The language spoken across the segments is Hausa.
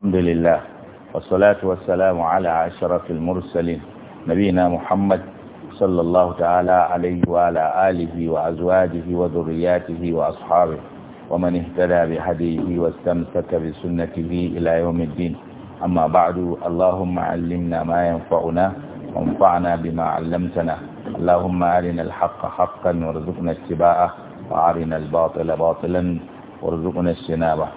الحمد لله والصلاة والسلام على عشرة المرسلين نبينا محمد صلى الله تعالى عليه وعلى آله وأزواجه وذرياته وأصحابه ومن اهتدى بهديه واستمسك بسنته إلى يوم الدين أما بعد اللهم علمنا ما ينفعنا وانفعنا بما علمتنا اللهم أرنا الحق حقا وارزقنا اتباعه وأرنا الباطل باطلا وارزقنا اجتنابه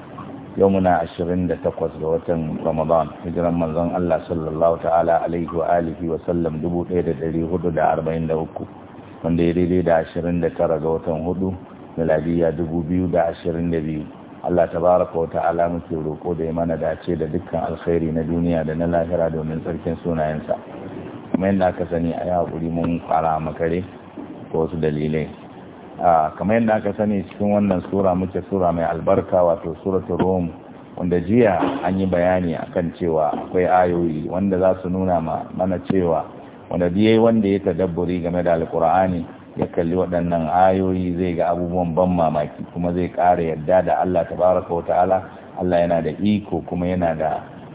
yau muna ashirin da takwas ga watan ramadan hijiran manzon Allah sallallahu ta'ala alaihi wa wa sallam dubu ɗaya da dari hudu da arba'in da uku wanda ya daidai da ashirin da tara ga watan hudu miladiya dubu biyu da ashirin da biyu Allah tabaraka wa ta'ala muke roƙo da ya mana dace da dukkan alkhairi na duniya da na lahira domin tsarkin sunayensa kuma yadda aka sani a yi haƙuri mun fara makare ko wasu dalilai kamar yadda aka sani cikin wannan sura muke sura mai albarka wato suratul rum wanda jiya an yi bayani akan cewa akwai ayoyi wanda za su nuna mana cewa wanda biye wanda ya tadabburi game da alkur'ani ya kalli waɗannan ayoyi zai ga abubuwan ban mamaki kuma zai ƙara yadda da Allah tabaraka ta'ala Allah yana da iko kuma yana da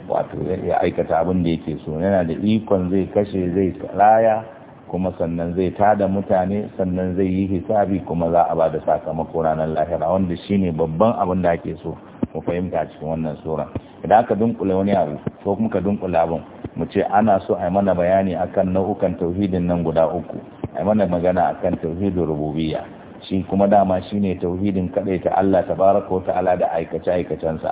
wato ya aikata abin da yake so yana da ikon zai kashe zai laya kuma sannan zai tada mutane sannan zai yi hisabi kuma za a ba da sakamako ranar lahira wanda shine babban abin da ake so mu fahimta cikin wannan sura idan aka dunkule wani abu ko kuma ka dunkule abin mu ce ana so a mana bayani akan nau'ukan tauhidin nan guda uku a mana magana akan tauhidin rububiyya shi kuma dama shine tauhidin kaɗai ta Allah tabaraka wa ta'ala da aikace aikacensa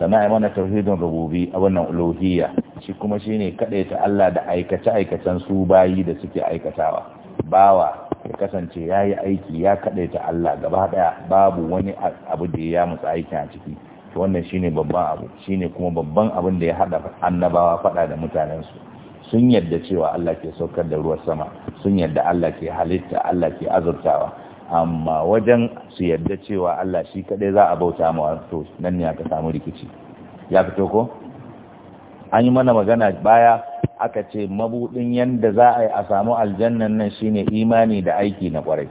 Sana'a mana tauhidin rububi a wannan uluhiyya shi kuma shine ta Allah da aikace aikacen su bayi da suke aikatawa bawa ya kasance yayi aiki ya ta Allah gaba daya babu wani abu da ya musu aiki a ciki to wannan shine babban abu shine kuma babban abin da ya haɗa annabawa faɗa da mutanensu. sun yadda cewa Allah ke saukar da ruwan sama sun yarda Allah ke halitta Allah ke azurtawa amma wajen su yadda cewa Allah shi kadai za a bauta ma to nan ne aka samu rikici ya fito ko an yi mana magana baya aka ce mabudin yanda za a yi a samu aljannan nan shine imani da aiki na kwarai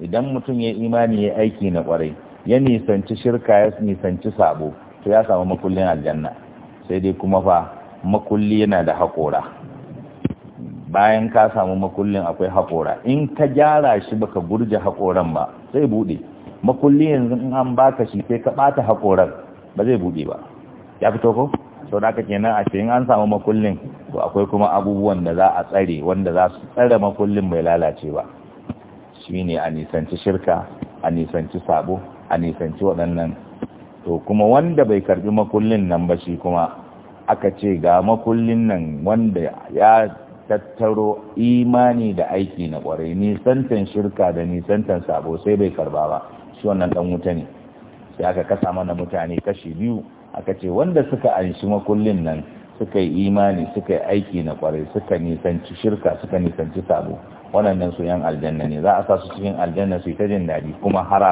idan mutum ya imani ya aiki na kwarai ya nisanci shirka ya nisanci sabo to ya samu makullin aljanna sai dai kuma fa makulli yana da haƙora bayan ka samu makullin akwai haƙora in ka gyara shi baka gurje haƙoran ba zai buɗe makulli yanzu in an baka shi sai ka ɓata haƙoran ba zai buɗe ba ya fito ko sau da aka kenan a ce in an samu makullin to akwai kuma abubuwan da za a tsare wanda za su tsare makullin mai lalace ba shi ne a nisanci shirka a nisanci sabo a nisanci waɗannan to kuma wanda bai karbi makullin nan ba shi kuma aka ce ga makullin nan wanda ya tattaro imani da aiki na kwarai nisantan shirka da nisantan sabo sai bai karba ba shi wannan dan wuta ne sai aka kasa mana mutane kashi biyu aka ce wanda suka anshi makullin nan suka yi imani suka yi aiki na kwarai suka nisanci shirka suka nisanci sabo waɗannan su yan aljanna ne za a sa su cikin aljanna su yi ta jin daɗi kuma har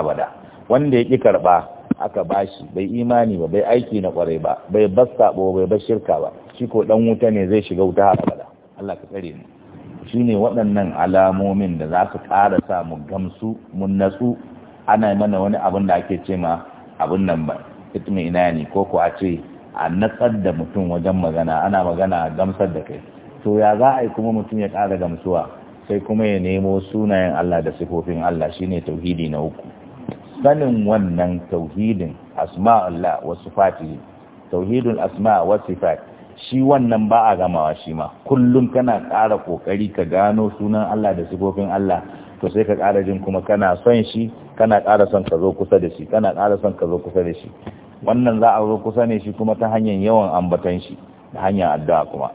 wanda ya ƙi karɓa aka bashi bai imani ba bai aiki na kwarai ba bai bas sabo bai bar shirka ba shi ko ɗan wuta ne zai shiga wuta har Allah ka tsare mu shine waɗannan alamomin da za su ƙara sa mu gamsu mun natsu ana mana wani abin da ake ce ma abin nan ba itmi ina ne ko ko a ce a natsar da mutum wajen magana ana magana a gamsar da kai to ya za a yi kuma mutum ya ƙara gamsuwa sai kuma ya nemo sunayen Allah da sifofin Allah shine tauhidi na uku sanin wannan tauhidin asma'ullah wa fati tauhidul asma' wa fati. shi wannan ba a gamawa shi ma kullum kana kara ƙoƙari ka gano sunan Allah da sifofin Allah to sai ka kara jin kuma kana son shi kana ƙara son ka zo kusa da shi kana ƙara son ka zo kusa da shi wannan za a zo kusa ne shi kuma ta hanyar yawan ambatan shi da hanyar addu'a kuma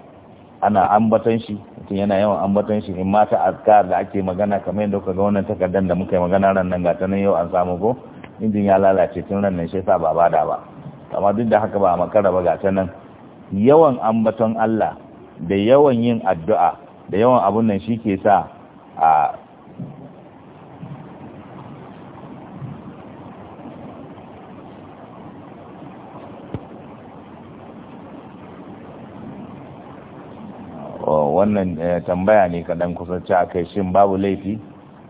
ana ambatan shi mutum yana yawan ambatan shi in mata azkar da ake magana kamar yadda kuka ga wannan takardar da muka yi magana ran nan gata nan yau an samu ko injin ya lalace tun ran nan shi yasa ba bada ba amma duk da haka ba a makara ba gata nan yawan ambaton Allah da yawan yin addu'a da yawan abun nan shi ke sa a oh, wannan eh, tambaya ne kaɗan kusurci a kai shi babu laifi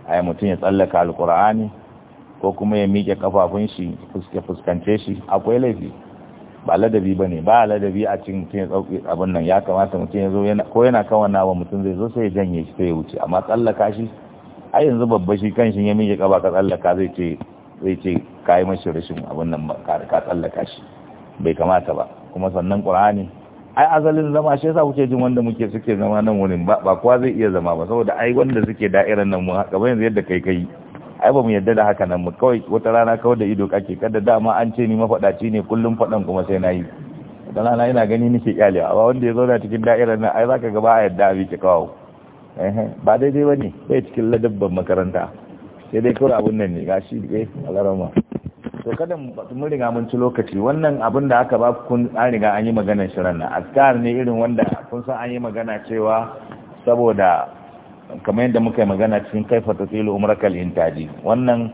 a yi mutum ya tsallaka alkur'ani ko kuma ya miƙe kafafun shi fuskance shi akwai laifi ba ladabi ba ne ba ladabi a cikin mutum ya tsauki abin nan ya kamata mutum ya zo ko yana kawan nawa mutum zai zo sai ya janye shi sai ya wuce amma tsallaka shi a yanzu babba shi kan shi ya miƙe ƙaba ka tsallaka zai ce zai ce ka yi mashi rashin abin nan ka tsallaka shi bai kamata ba kuma sannan ƙur'ani ai azalin zama shi yasa kuke jin wanda muke suke zama nan wurin ba kowa zai iya zama ba saboda ai wanda suke da'irar nan mu haka ba yanzu yadda kai kai ai ba mu yadda da haka nan mu kawai wata rana kawai da ido kake kada dama an ce ni mafaɗaci ne kullum faɗan kuma sai na yi wata rana ina gani nake kyale amma wanda ya zauna cikin da'irar nan ai za ka gaba a yadda abi ki kawo ba daidai ba ne sai cikin ladabban makaranta sai dai kawai abun nan ne gashi dai eh, rahama to kada mun riga mun ci lokaci wannan abin da aka ba kun an riga an yi maganar shirin nan askar ne irin wanda kun san an yi magana cewa saboda kamar yadda muka yi magana cikin kaifa tasilu umrakal intaji wannan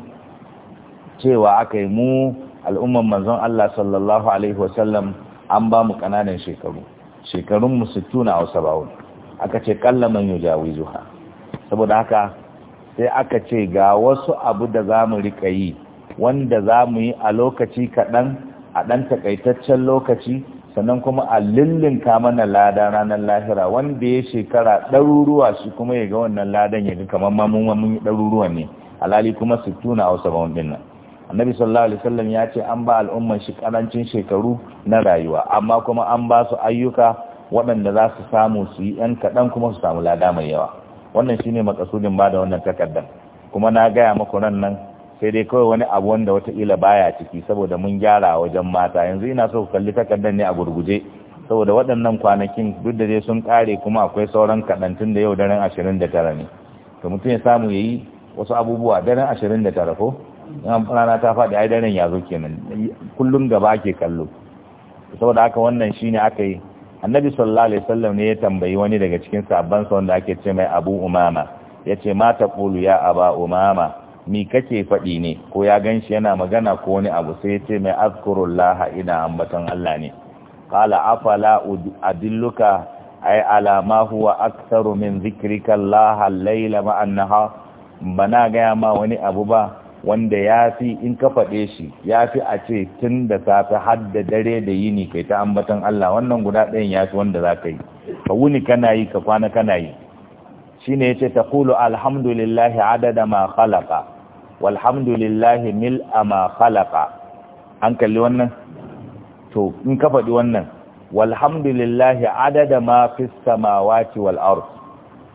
cewa aka yi mu al'umman manzon Allah sallallahu alaihi wasallam an ba mu kananan shekaru shekarun mu 60 na wasabawun aka ce kalla man zuha saboda haka sai aka ce ga wasu abu da zamu rika yi wanda zamu yi a lokaci kaɗan, a ɗan takaitaccen lokaci sannan kuma a lillin mana lada ranar lahira wanda ya shekara ɗaruruwa shi kuma ya ga wannan ladan ya ga kamar mamun mun ɗaruruwa ne alali kuma sittuna a ba wani nan annabi sallallahu alaihi wasallam ya ce an ba al'umman shi karancin shekaru na rayuwa amma kuma an ba su ayyuka waɗanda za su samu su yi ɗan kaɗan kuma su samu lada mai yawa wannan shine makasudin ba da wannan takardar kuma na gaya maku nan nan sai dai kawai wani abu wanda wata wataƙila baya ciki saboda mun gyara a wajen mata yanzu ina so kalli takardar ne a gurguje saboda waɗannan kwanakin duk da dai sun kare kuma akwai sauran kaɗantun da yau daren ashirin da tara ne to mutum ya samu ya yi wasu abubuwa daren ashirin da tara ko yan rana ta faɗi ai daren ya zo kenan kullum gaba ke kallo saboda haka wannan shine aka yi annabi sallallahu alaihi wasallam ne ya tambayi wani daga cikin sabban sa wanda ake ce mai abu umama ya ce mata qulu ya aba umama mi kake faɗi ne ko ya gan shi yana magana ko wani abu sai ya ce mai azkurullah ina ambaton Allah ne qala afala adilluka ay ala ma huwa aktharu min zikrika Allah al-layla ma annaha bana ga ma wani abu ba wanda ya fi in ka faɗe shi ya fi a ce tun da safe har da dare da yini kai ta ambaton Allah wannan guda ɗayan ya fi wanda za ka yi ka wuni kana yi ka kwana kana yi shine yace taqulu alhamdulillahi adada ma khalaqa walhamdulillahi mil ama khalaqa an kalli wannan to in ka faɗi wannan walhamdulillahi adada ma fi samawati wal ard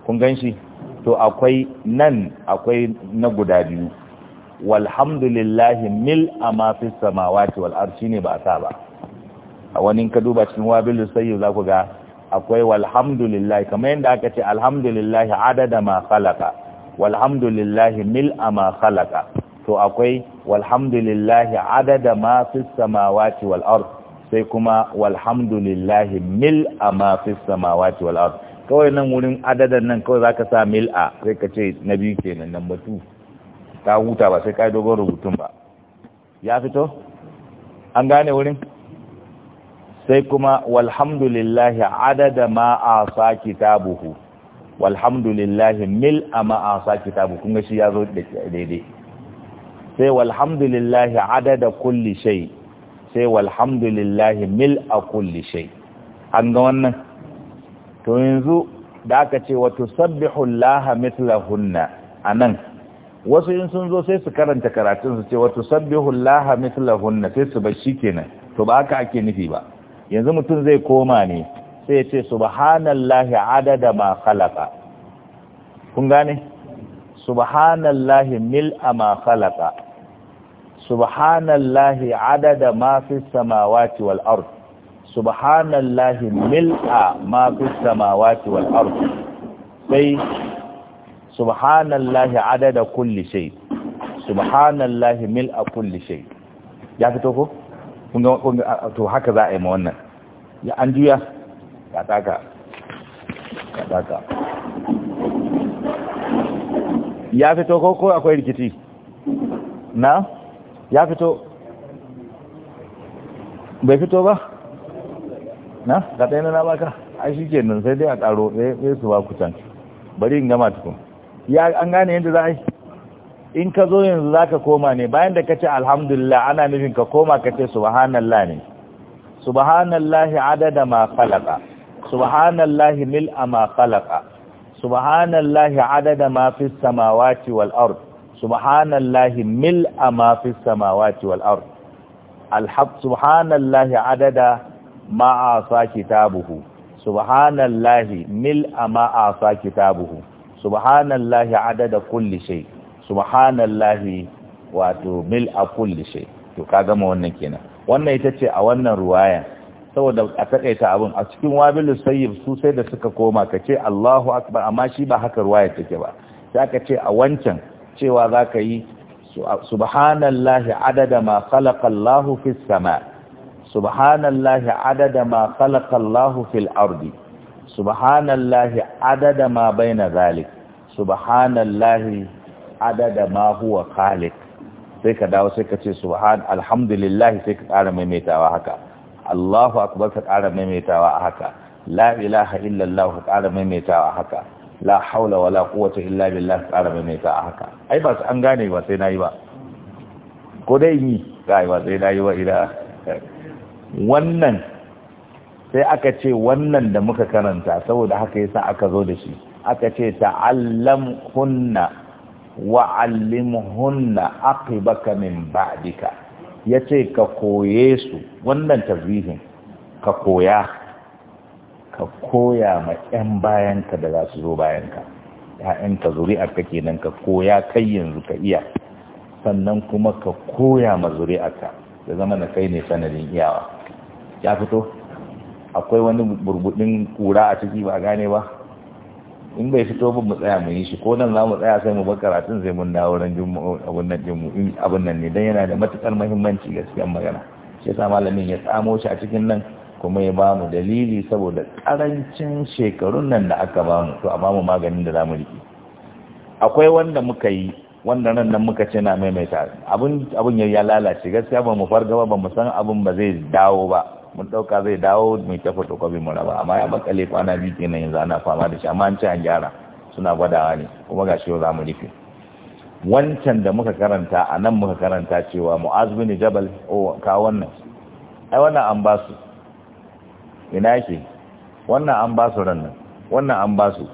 kun ganshi to akwai nan akwai na guda biyu walhamdulillahi mil ama fi samawati wal ard shine ba sa ba a wani ka duba cikin wabilu sayyi za ku ga akwai walhamdulillahi kamar yadda aka ce alhamdulillahi adada ma khalaqa walhamdulillahi mil a ma khalaqa to akwai walhamdulillahi adada ma fis samawati wal ard sai kuma walhamdulillahi mil a ma fis samawati wal ard kawai nan wurin adadan nan kawai za ka sa mil a sai ka ce na biyu kenan nan batu ta huta ba sai kai dogon rubutun ba ya fito an gane wurin sai kuma walhamdulillahi adada ma a sa kitabuhu walhamdulillahi mil ama asa kitabu kun ga shi ya zo daidai sai walhamdulillahi adada kulli shay sai walhamdulillahi mil a kulli shay an ga wannan to yanzu da aka ce wa tusabbihu llaha A anan wasu in sun zo sai su karanta karatun su ce wa tusabbihu llaha hunna sai su bar kenan to ba ka ake nufi ba yanzu mutum zai koma ne sai ya ce subhanallahi adada ma khalaqa kun gane subhanallahi mil'a ma khalaqa subhanallahi adada ma fis samawati wal ard subhanallahi mil'a ma fis samawati wal ard sai subhanallahi adada kulli shay subhanallahi mil'a kulli shay ya fito ko kun ga to haka za a yi ma wannan ya an juya kataka kataka ya fito ko ko akwai rikici na ya fito bai fito ba na ka tsaye na baka a shi ke nan sai dai a tsaro ɗaya su ba kucan bari in gama tukun ya an gane yadda za a yi in ka zo yanzu za ka koma ne bayan da ka ce alhamdulillah ana nufin ka koma ka ce subhanallah ne subhanallah adada ma falaka subhanallahi mil ma khalaqa subhanallahi adada ma fis samawati wal ard subhanallahi mil ma fis samawati wal ard alhaq subhanallahi adada ma asa kitabuhu subhanallahi mil ma asa kitabuhu subhanallahi adada kulli shay subhanallahi wato mil a kulli shay to kaga ma wannan kenan wannan ita ce a wannan ruwayan saboda a takaita abin a cikin wabilu sayyib su sai da suka koma ka ce Allahu akbar amma shi ba haka ruwaya take ba sai aka ce a wancan cewa zaka yi subhanallahi adada ma khalaqa Allahu fis sama subhanallahi adada ma khalaqa Allahu fil ardi subhanallahi adada ma baina zalik subhanallahi adada ma huwa khaliq sai ka dawo sai ka ce subhan alhamdulillah sai ka ƙara maimaitawa haka Allahu akbar ka ƙara maimaitawa a haka la ilaha illallah ka ƙara maimaitawa a haka la haula wala quwwata illa billah ka ƙara maimaitawa a haka ai ba su an gane ba sai nayi ba ko dai ni kai ba sai nayi ba ila wannan sai aka ce wannan da muka karanta saboda haka yasa aka zo da shi aka ce ta'allam hunna wa'allimhunna aqibaka min ba'dika ya ce ka koye su wannan tazihin ka koya ka koya ma 'yan bayanka da za su zo bayanka ‘ya'yanka zuri'arka kenan ka koya kai yanzu ka iya sannan kuma ka koya ma zuri'arka da zama na kai ne sanadin iyawa ya fito akwai wani burbudin kura a ciki ba gane ba in bai fito ba mu tsaya mu yi shi ko nan za mu tsaya sai mu bar karatun sai mun dawo ran abun nan din abun nan ne dan yana da matukar muhimmanci gaskiya magana shi yasa malamin ya tsamo shi a cikin nan kuma ya bamu dalili saboda karancin shekarun nan da aka bamu to a bamu maganin da zamu riki akwai wanda muka yi wanda nan nan muka ce na maimaita abun abun ya lalace gaskiya ba mu fargaba ba mu san abun ba zai dawo ba mun ɗauka zai dawo mai ta fotokofi mu raba amma ya makale kwana biyu kenan yanzu ana fama da shi amma an ci an gyara suna gwadawa ne kuma ga shi za mu rufe wancan da muka karanta a nan muka karanta cewa mu'az bin jabal oh ka wannan ai wannan an ba su ina yake wannan an ba su ran nan wannan an ba su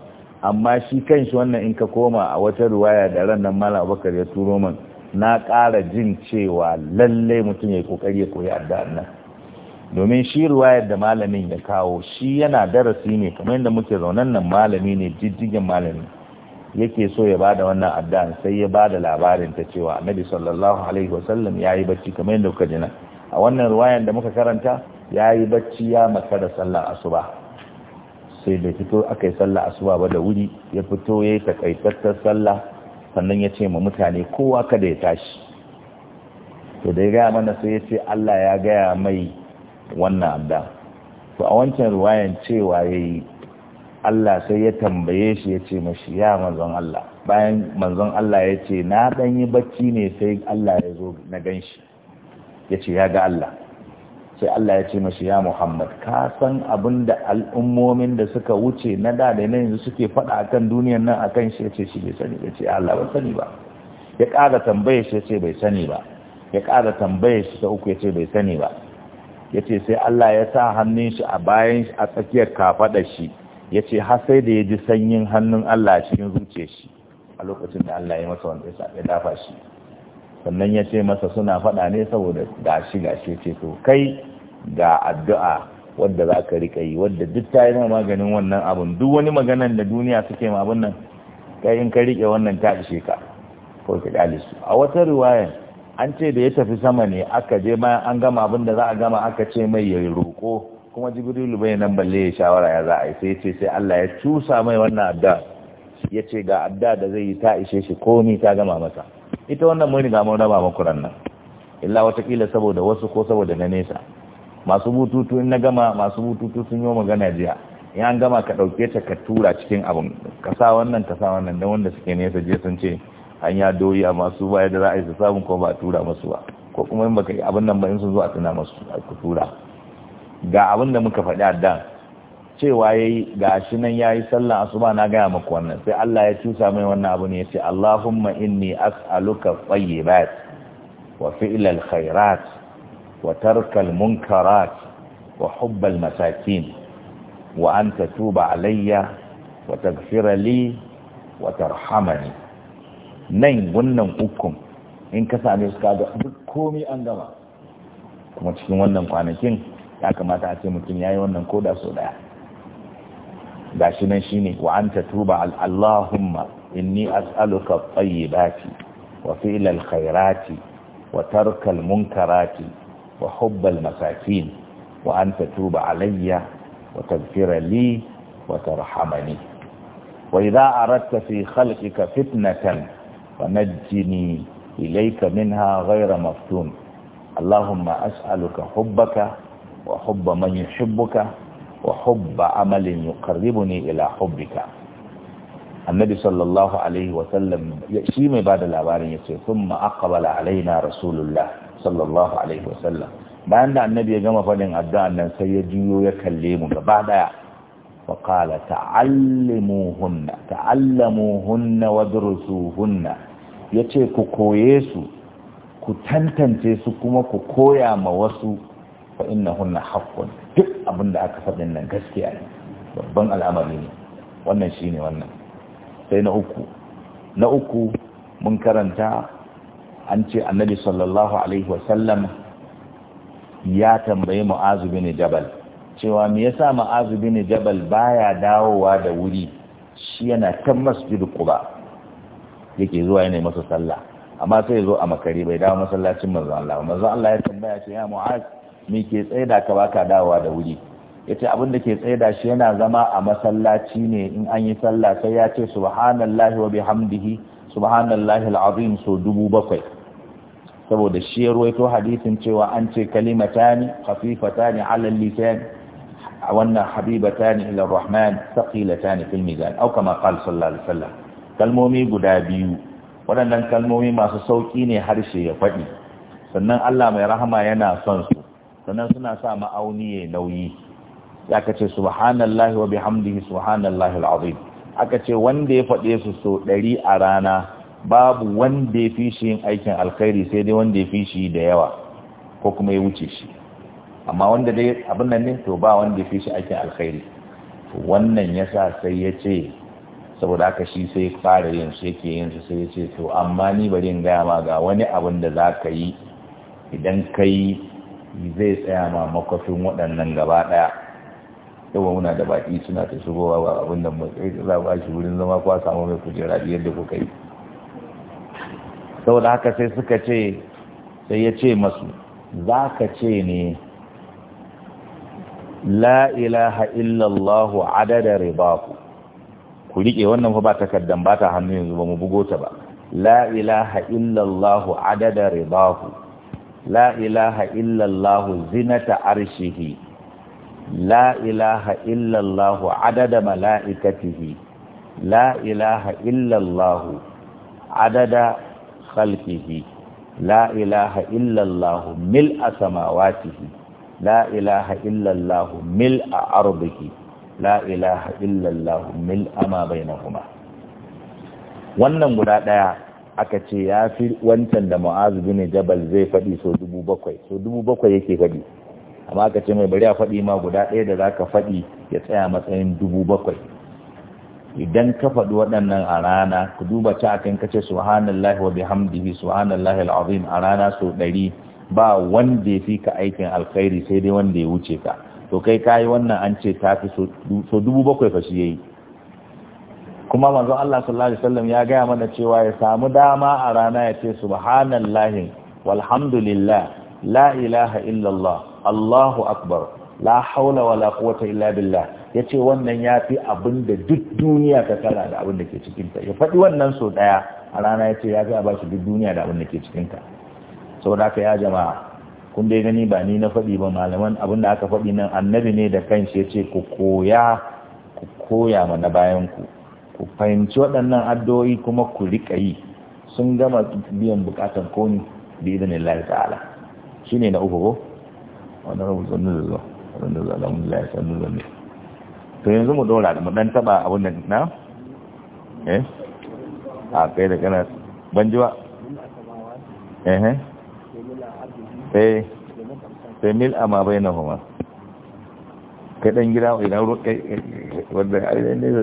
amma shi kanshi wannan in ka koma a wata ruwaya da ran nan malam abubakar ya turo man na ƙara jin cewa lallai mutum ya yi kokari ya koyi addu'a nan domin shi ruwayar da malamin ya kawo shi yana darasi ne kamar yadda muke zaunan nan malami ne jijjigin malami yake so ya ba da wannan addan sai ya ba da labarin ta cewa annabi sallallahu alaihi wasallam ya yi bacci kamar yadda kuka jina a wannan ruwayar da muka karanta ya yi bacci ya maka da sallar asuba sai da fito aka yi sallar asuba ba da wuri ya fito ya yi takaitattar sallah sannan ya ce ma mutane kowa kada ya tashi to da ya gaya mana sai ya ce Allah ya gaya mai wannan abdan to a wancan ruwayan cewa ya yi Allah sai ya tambaye shi ya ce mashi ya manzon Allah bayan manzon Allah ya ce na dan yi bacci ne sai Allah ya zo na gan shi ya ce ya ga Allah sai Allah ya ce mashi ya Muhammad ka san abin da al'ummomin da suka wuce na da da yanzu suke faɗa akan duniyar nan a kan shi ya ce shi bai sani ya ce Allah bai sani ba ya ƙara tambaye shi ya ce bai sani ba ya ƙara tambaye shi ta uku ya ce bai sani ba ya ce sai Allah ya sa hannun shi a bayan shi a tsakiyar kafaɗa shi ya ce har sai da ya ji sanyin hannun Allah cikin zuce shi a lokacin da Allah ya masa wanda ya dafa shi sannan ya ce masa suna faɗa ne saboda gashi gashi ce to kai ga addu'a wadda za ka riƙa yi wadda duk ta yi maganin wannan abun duk wani maganan da duniya suke ma abun nan kai in ka riƙe wannan ta ishe ka ko ka ƙyale a wata riwayar an ce da ya tafi sama ne aka je bayan an gama abin da za a gama aka ce mai ya roƙo kuma jibrilu bai nan balle ya shawara ya za a yi sai ce sai Allah ya cusa mai wannan adda ya ce ga adda da zai yi ta ishe shi komi ta gama masa ita wannan muni ga mun raba muku ran nan illa watakila saboda wasu ko saboda na nesa masu bututu in na gama masu bututu sun yi magana jiya in an gama ka ɗauke ta ka tura cikin abin ka sa wannan ka sa wannan don wanda suke nesa je sun ce hanya dori a masu baya da za a yi su samu ko ba a tura masu ba ko kuma yin baka yi abin nan ba in sun zo a tuna masu a tura ga abin da muka faɗi a dan cewa ya yi ga shi nan ya yi sallan asuba na gaya maku wannan sai Allah ya cusa mai wannan abu ne ya ce Allahumma inni as'aluka tayyibat wa fi'lal khairat wa tarkal munkarat wa hubbal masakin wa an tatuba alayya wa taghfira li wa tarhamani nan wannan ukun in ka same su kaga duk komai an gama kuma cikin wannan kwanakin ya kamata a ce mutum yayi wannan koda so daya gashi nan shine wa anta tuba allahumma inni as'aluka at-tayyibati wa fi'l al-khairati wa tarka al-munkarati wa hubba al-masakin wa anta tuba alayya wa taghfir li wa tarhamani wa idha aradta fi khalqika fitnatan ونجني إليك منها غير مفتون اللهم أسألك حبك وحب من يحبك وحب عمل يقربني إلى حبك النبي صلى الله عليه وسلم يأشيم بعد الأبارين يسير ثم أقبل علينا رسول الله صلى الله عليه وسلم بعد النبي يجمع فلن أدعى أن سيجيو يكلمك بعد فقال تعلموهن تعلموهن ودرسوهن yace ku koye su ku tantance su kuma ku koya ma wasu fa innahunna haqqun duk abin da aka faɗin nan gaskiya ne babban al'amari ne wannan shine wannan sai na uku na uku mun karanta an ce annabi sallallahu alaihi wasallam ya tambayi mu'azu bin jabal cewa me yasa ma'azu bin jabal baya dawowa da wuri shi yana kan masjid quba yake zuwa yana masa sallah amma sai zo a makare bai dawo masallacin manzon Allah manzon Allah ya tambaya ce ya mu'az me ke tsaida ka baka dawowa da wuri yace abin da ke tsaida shi yana zama a masallaci ne in an yi sallah sai ya ce subhanallahi wa bihamdihi subhanallahi alazim so dubu bakwai saboda shi ya ruwaito hadisin cewa an ce kalimatani khafifatani ala lisan wannan habibatani ila rahman saqilatani fil mizan au kama qala sallallahu alaihi wasallam kalmomi guda biyu waɗannan kalmomi masu sauki ne harshe ya faɗi sannan Allah mai rahama yana son su sannan suna sa ma'auni ya nauyi aka ce subhanallahi wa bihamdihi subhanallahi alazim aka ce wanda ya faɗi su so ɗari a rana babu wanda ya fi shi yin aikin alkhairi sai dai wanda ya fi shi da yawa ko kuma ya wuce shi amma wanda dai abin nan ne to ba wanda fi shi ake alkhairi wannan yasa sai ya ce saboda haka shi sai fara yin su yake yin su sai ya ce to amma ni bari in gaya ma ga wani abin da za ka yi idan ka yi zai tsaya ma makwafin waɗannan gaba ɗaya yau muna da baƙi suna ta shigowa ba abin da za ba shi wurin zama kuwa samu mai kujera biyar da kuka yi saboda haka sai suka ce sai ya ce masu za ka ce ne la ilaha illallahu adada ribaku ku rike wannan fa ba takardan ba ta hannu yanzu ba mu bugo ta ba la ilaha illallahu adada ribaku la ilaha illallahu zinata arshihi la ilaha illallahu adada mala'ikatihi la ilaha illallahu adada khalqihi la ilaha illallahu mil'a samawatihi la ilaha illallah mil a arziki la ilaha illallah mil ama wannan guda daya aka ce ya fi wancan da mu'azu bin jabal zai faɗi so dubu bakwai so dubu bakwai yake faɗi amma aka ce mai bari a faɗi ma guda ɗaya da za ka faɗi ya tsaya matsayin dubu bakwai idan ka faɗi waɗannan a rana ku duba ta akan kace subhanallahi wa bihamdihi subhanallahi al'azim a rana so ɗari ba wanda ya fi ka aikin alkhairi sai dai wanda ya wuce ka to kai kayi wannan an ce ta fi so dubu bakwai fa shi yayi kuma manzon Allah sallallahu alaihi wasallam ya gaya mana cewa ya samu dama a rana ya ce subhanallahi walhamdulillah la ilaha illallah Allahu akbar la haula wala quwwata illa billah yace wannan yafi abin da duk duniya ta kara da abin da ke cikin ya faɗi wannan so daya a rana yace ya ga ba shi duk duniya da abin da ke cikin saboda haka ya jama'a kun dai gani ba ni na faɗi ba malaman abin da aka faɗi nan annabi ne da kanshi ya ce ku koya ku koya mana bayan ku ku fahimci waɗannan addu'o'i kuma ku riƙa yi sun gama biyan buƙatar koni da idan Allah ta'ala shi ne na uku ko wani wannan rubutun da zo wannan da Allah ya sanu da ne to yanzu mu dora da dan taba abin da na eh a kai da kana ban ji ba eh eh sai eh, sai mil amma bai na kuma kai dan gida idan roƙe wanda ne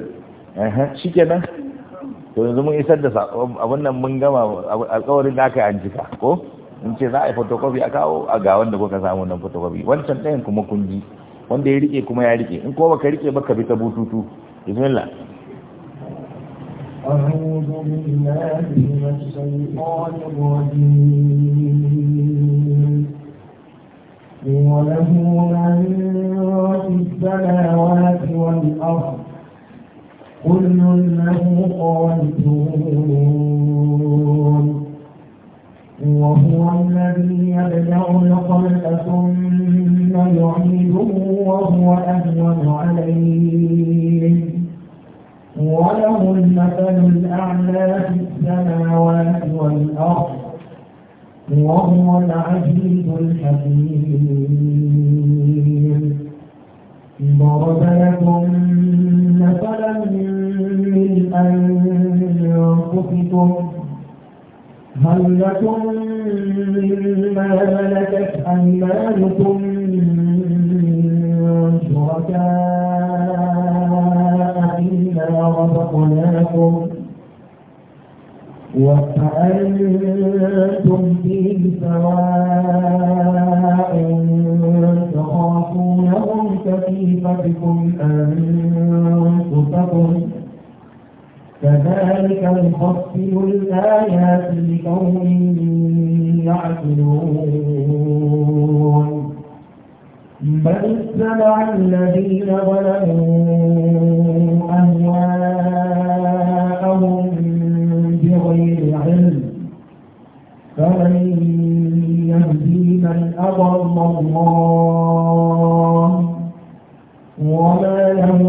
eh shi nan to yanzu mun isar da abin nan mun gama alƙawarin da aka yi an ko in ce za a yi photocopy a kawo a ga wanda kuka samu nan photocopy wancan ɗayan kuma kun ji wanda ya rike kuma ya rike in kuma baka rike baka bi ta bututu bismillah أعوذ بالله من الشيطان الرجيم وله من في السماوات والأرض كل له قانتون وهو الذي يبدأ الخلق ثم يعيده وهو أهون عليه وله المثل الأعلى في السماوات والأرض وهو العزيز الحكيم ضرب لكم مثلا من أنفسكم هل لكم مما ملكت أيمانكم وأنتم فِي سواء تخافونهم كخيفتكم أنفسكم كذلك نفصل الآيات لقوم يعقلون بل اتبع الذين ظلموا أهواءهم فمن يهدي من أضل الله وما لهم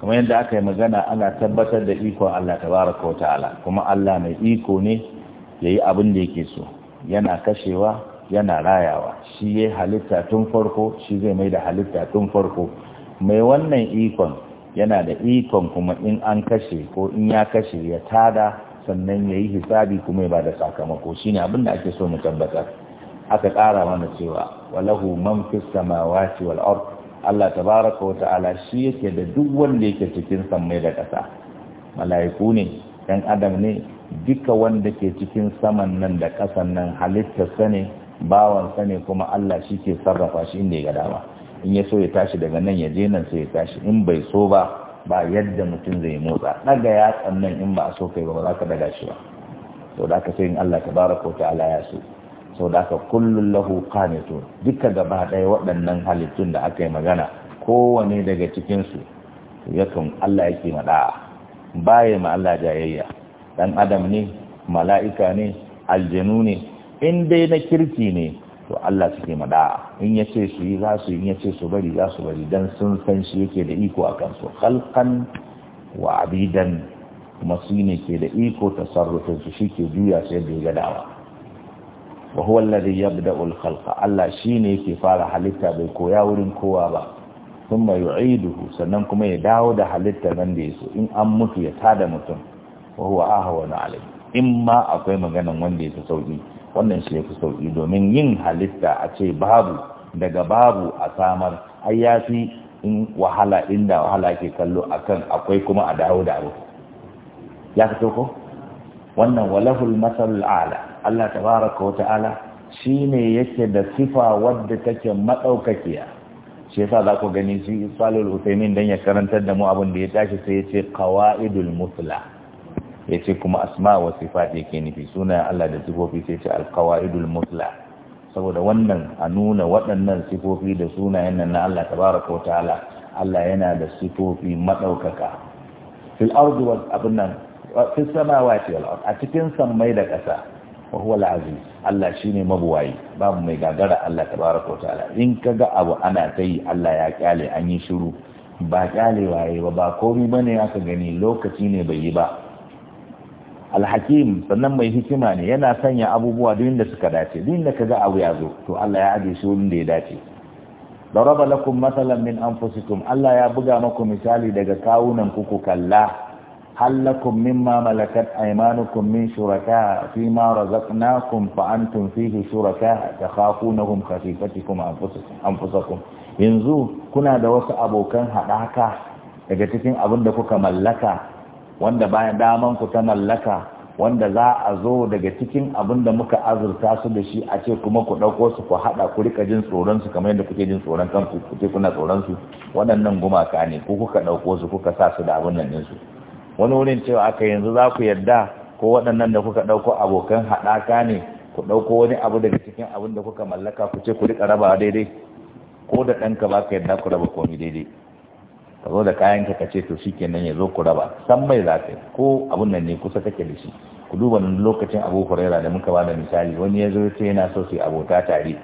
kamar yadda aka yi magana ana tabbatar da ikon Allah tabaraka wa ta'ala kuma Allah mai iko ne yayi abin da yake so yana kashewa yana rayawa shi yayi halitta tun farko shi zai mai da halitta tun farko mai wannan ikon yana da ikon kuma in an kashe ko in ya kashe ya tada sannan ya yi hisabi kuma ya ba da sakamako shi ne abinda ake so mu tabbatar aka ƙara mana cewa walahu man fi samawati wal ard Allah tabaraka wa ta'ala shi yake da duk wanda yake cikin sammai da kasa mala'iku ne yan adam ne duka wanda ke cikin saman nan da ƙasan nan halitta sane bawan sane kuma Allah shi ke sarrafa shi inda ya ga dama in ya so ya tashi daga nan ya je nan sai ya tashi in bai so ba ba yadda mutum zai motsa daga yatsan nan in ba a so kai ba ba za ka daga shi ba sau da aka sayin Allah ta baraka wa ala ya so sau da aka kullum lahu qanitun duka gaba ɗaya waɗannan halittun da aka yi magana kowane daga cikinsu yakan Allah yake maɗa'a baya ma Allah jayayya ɗan adam ne mala'ika ne aljanu ne in dai na kirki ne to Allah suke mada'a in ya ce su yi za su yi in su bari za su bari don sun san shi yake da iko a su, halkan wa abidan kuma su ne ke da iko tasarrufin su shi ke juya su yadda ya gadawa wa huwa alladhi yabda'u al-khalqa Allah shine yake fara halitta bai koya wurin kowa ba thumma yu'iduhu sannan kuma ya dawo da halitta nan da yaso in an mutu ya tada mutum wa huwa ahwanu alayhi in ma akwai maganan wanda ya ta sauki wannan shi fi sauƙi domin yin halitta a ce babu daga babu a samar ai yafi in wahala inda wahala ke kallo akan akwai kuma a dawo da abu ya fi ko wannan walahul masalul ala Allah tabaraka wa shi ne yake da sifa wadda take madaukakiya shi yasa za ku gani shi Salih Usaimin dan ya karantar da mu abin da ya tashi sai ya ce qawaidul musla ya ce kuma asma wa sifat yake nufi sunayen Allah da sifofi sai ce alkawaidul mutla saboda wannan a nuna waɗannan sifofi da sunayen nan na Allah tabaraka wa ta'ala Allah yana da sifofi madaukaka fil ardi wa abin nan fi samawati wal a cikin sammai da ƙasa wa huwa al-aziz Allah shine mabuwayi babu mai gagara Allah tabaraka wa ta'ala in kaga abu ana kai Allah ya kyale an yi shiru ba kyalewa waye ba ba komai bane aka gani lokaci ne bai yi ba alhakim sannan mai hikima ne yana sanya abubuwa duk inda suka dace duk inda kaga abu ya zo to Allah ya aje shi wurin da ya dace daraba lakum masalan min anfusikum Allah ya buga maku misali daga kawunan ku ku kalla hal lakum mimma malakat aymanukum min shuraka fi ma razaqnakum fa antum fihi shuraka takhafunahum khafifatikum anfusakum yanzu kuna da wasu abokan hadaka daga cikin abin da kuka mallaka wanda bayan daman ku ta mallaka wanda za a zo daga cikin abin da muka azurta su da shi a ce kuma ku ɗauko su ku haɗa ku rika jin tsoron su kamar yadda kuke jin tsoron kanku ku ce kuna tsoron su waɗannan gumaka ne ko kuka ɗauko su kuka sa su da abin nan ɗinsu wani wurin cewa aka yanzu za ku yarda ko waɗannan da kuka ɗauko abokan haɗaka ne ku ɗauko wani abu daga cikin abin da kuka mallaka ku ce ku rika rabawa daidai ko da ɗanka ba ka yarda ku raba komi daidai ka zo da kayan ka ce to shi kenan ya zo ku raba san mai za ka ko abun nan ne kusa kake da shi ku duba nan lokacin abu huraira da muka ba da misali wani ya zo ce yana so su abota tare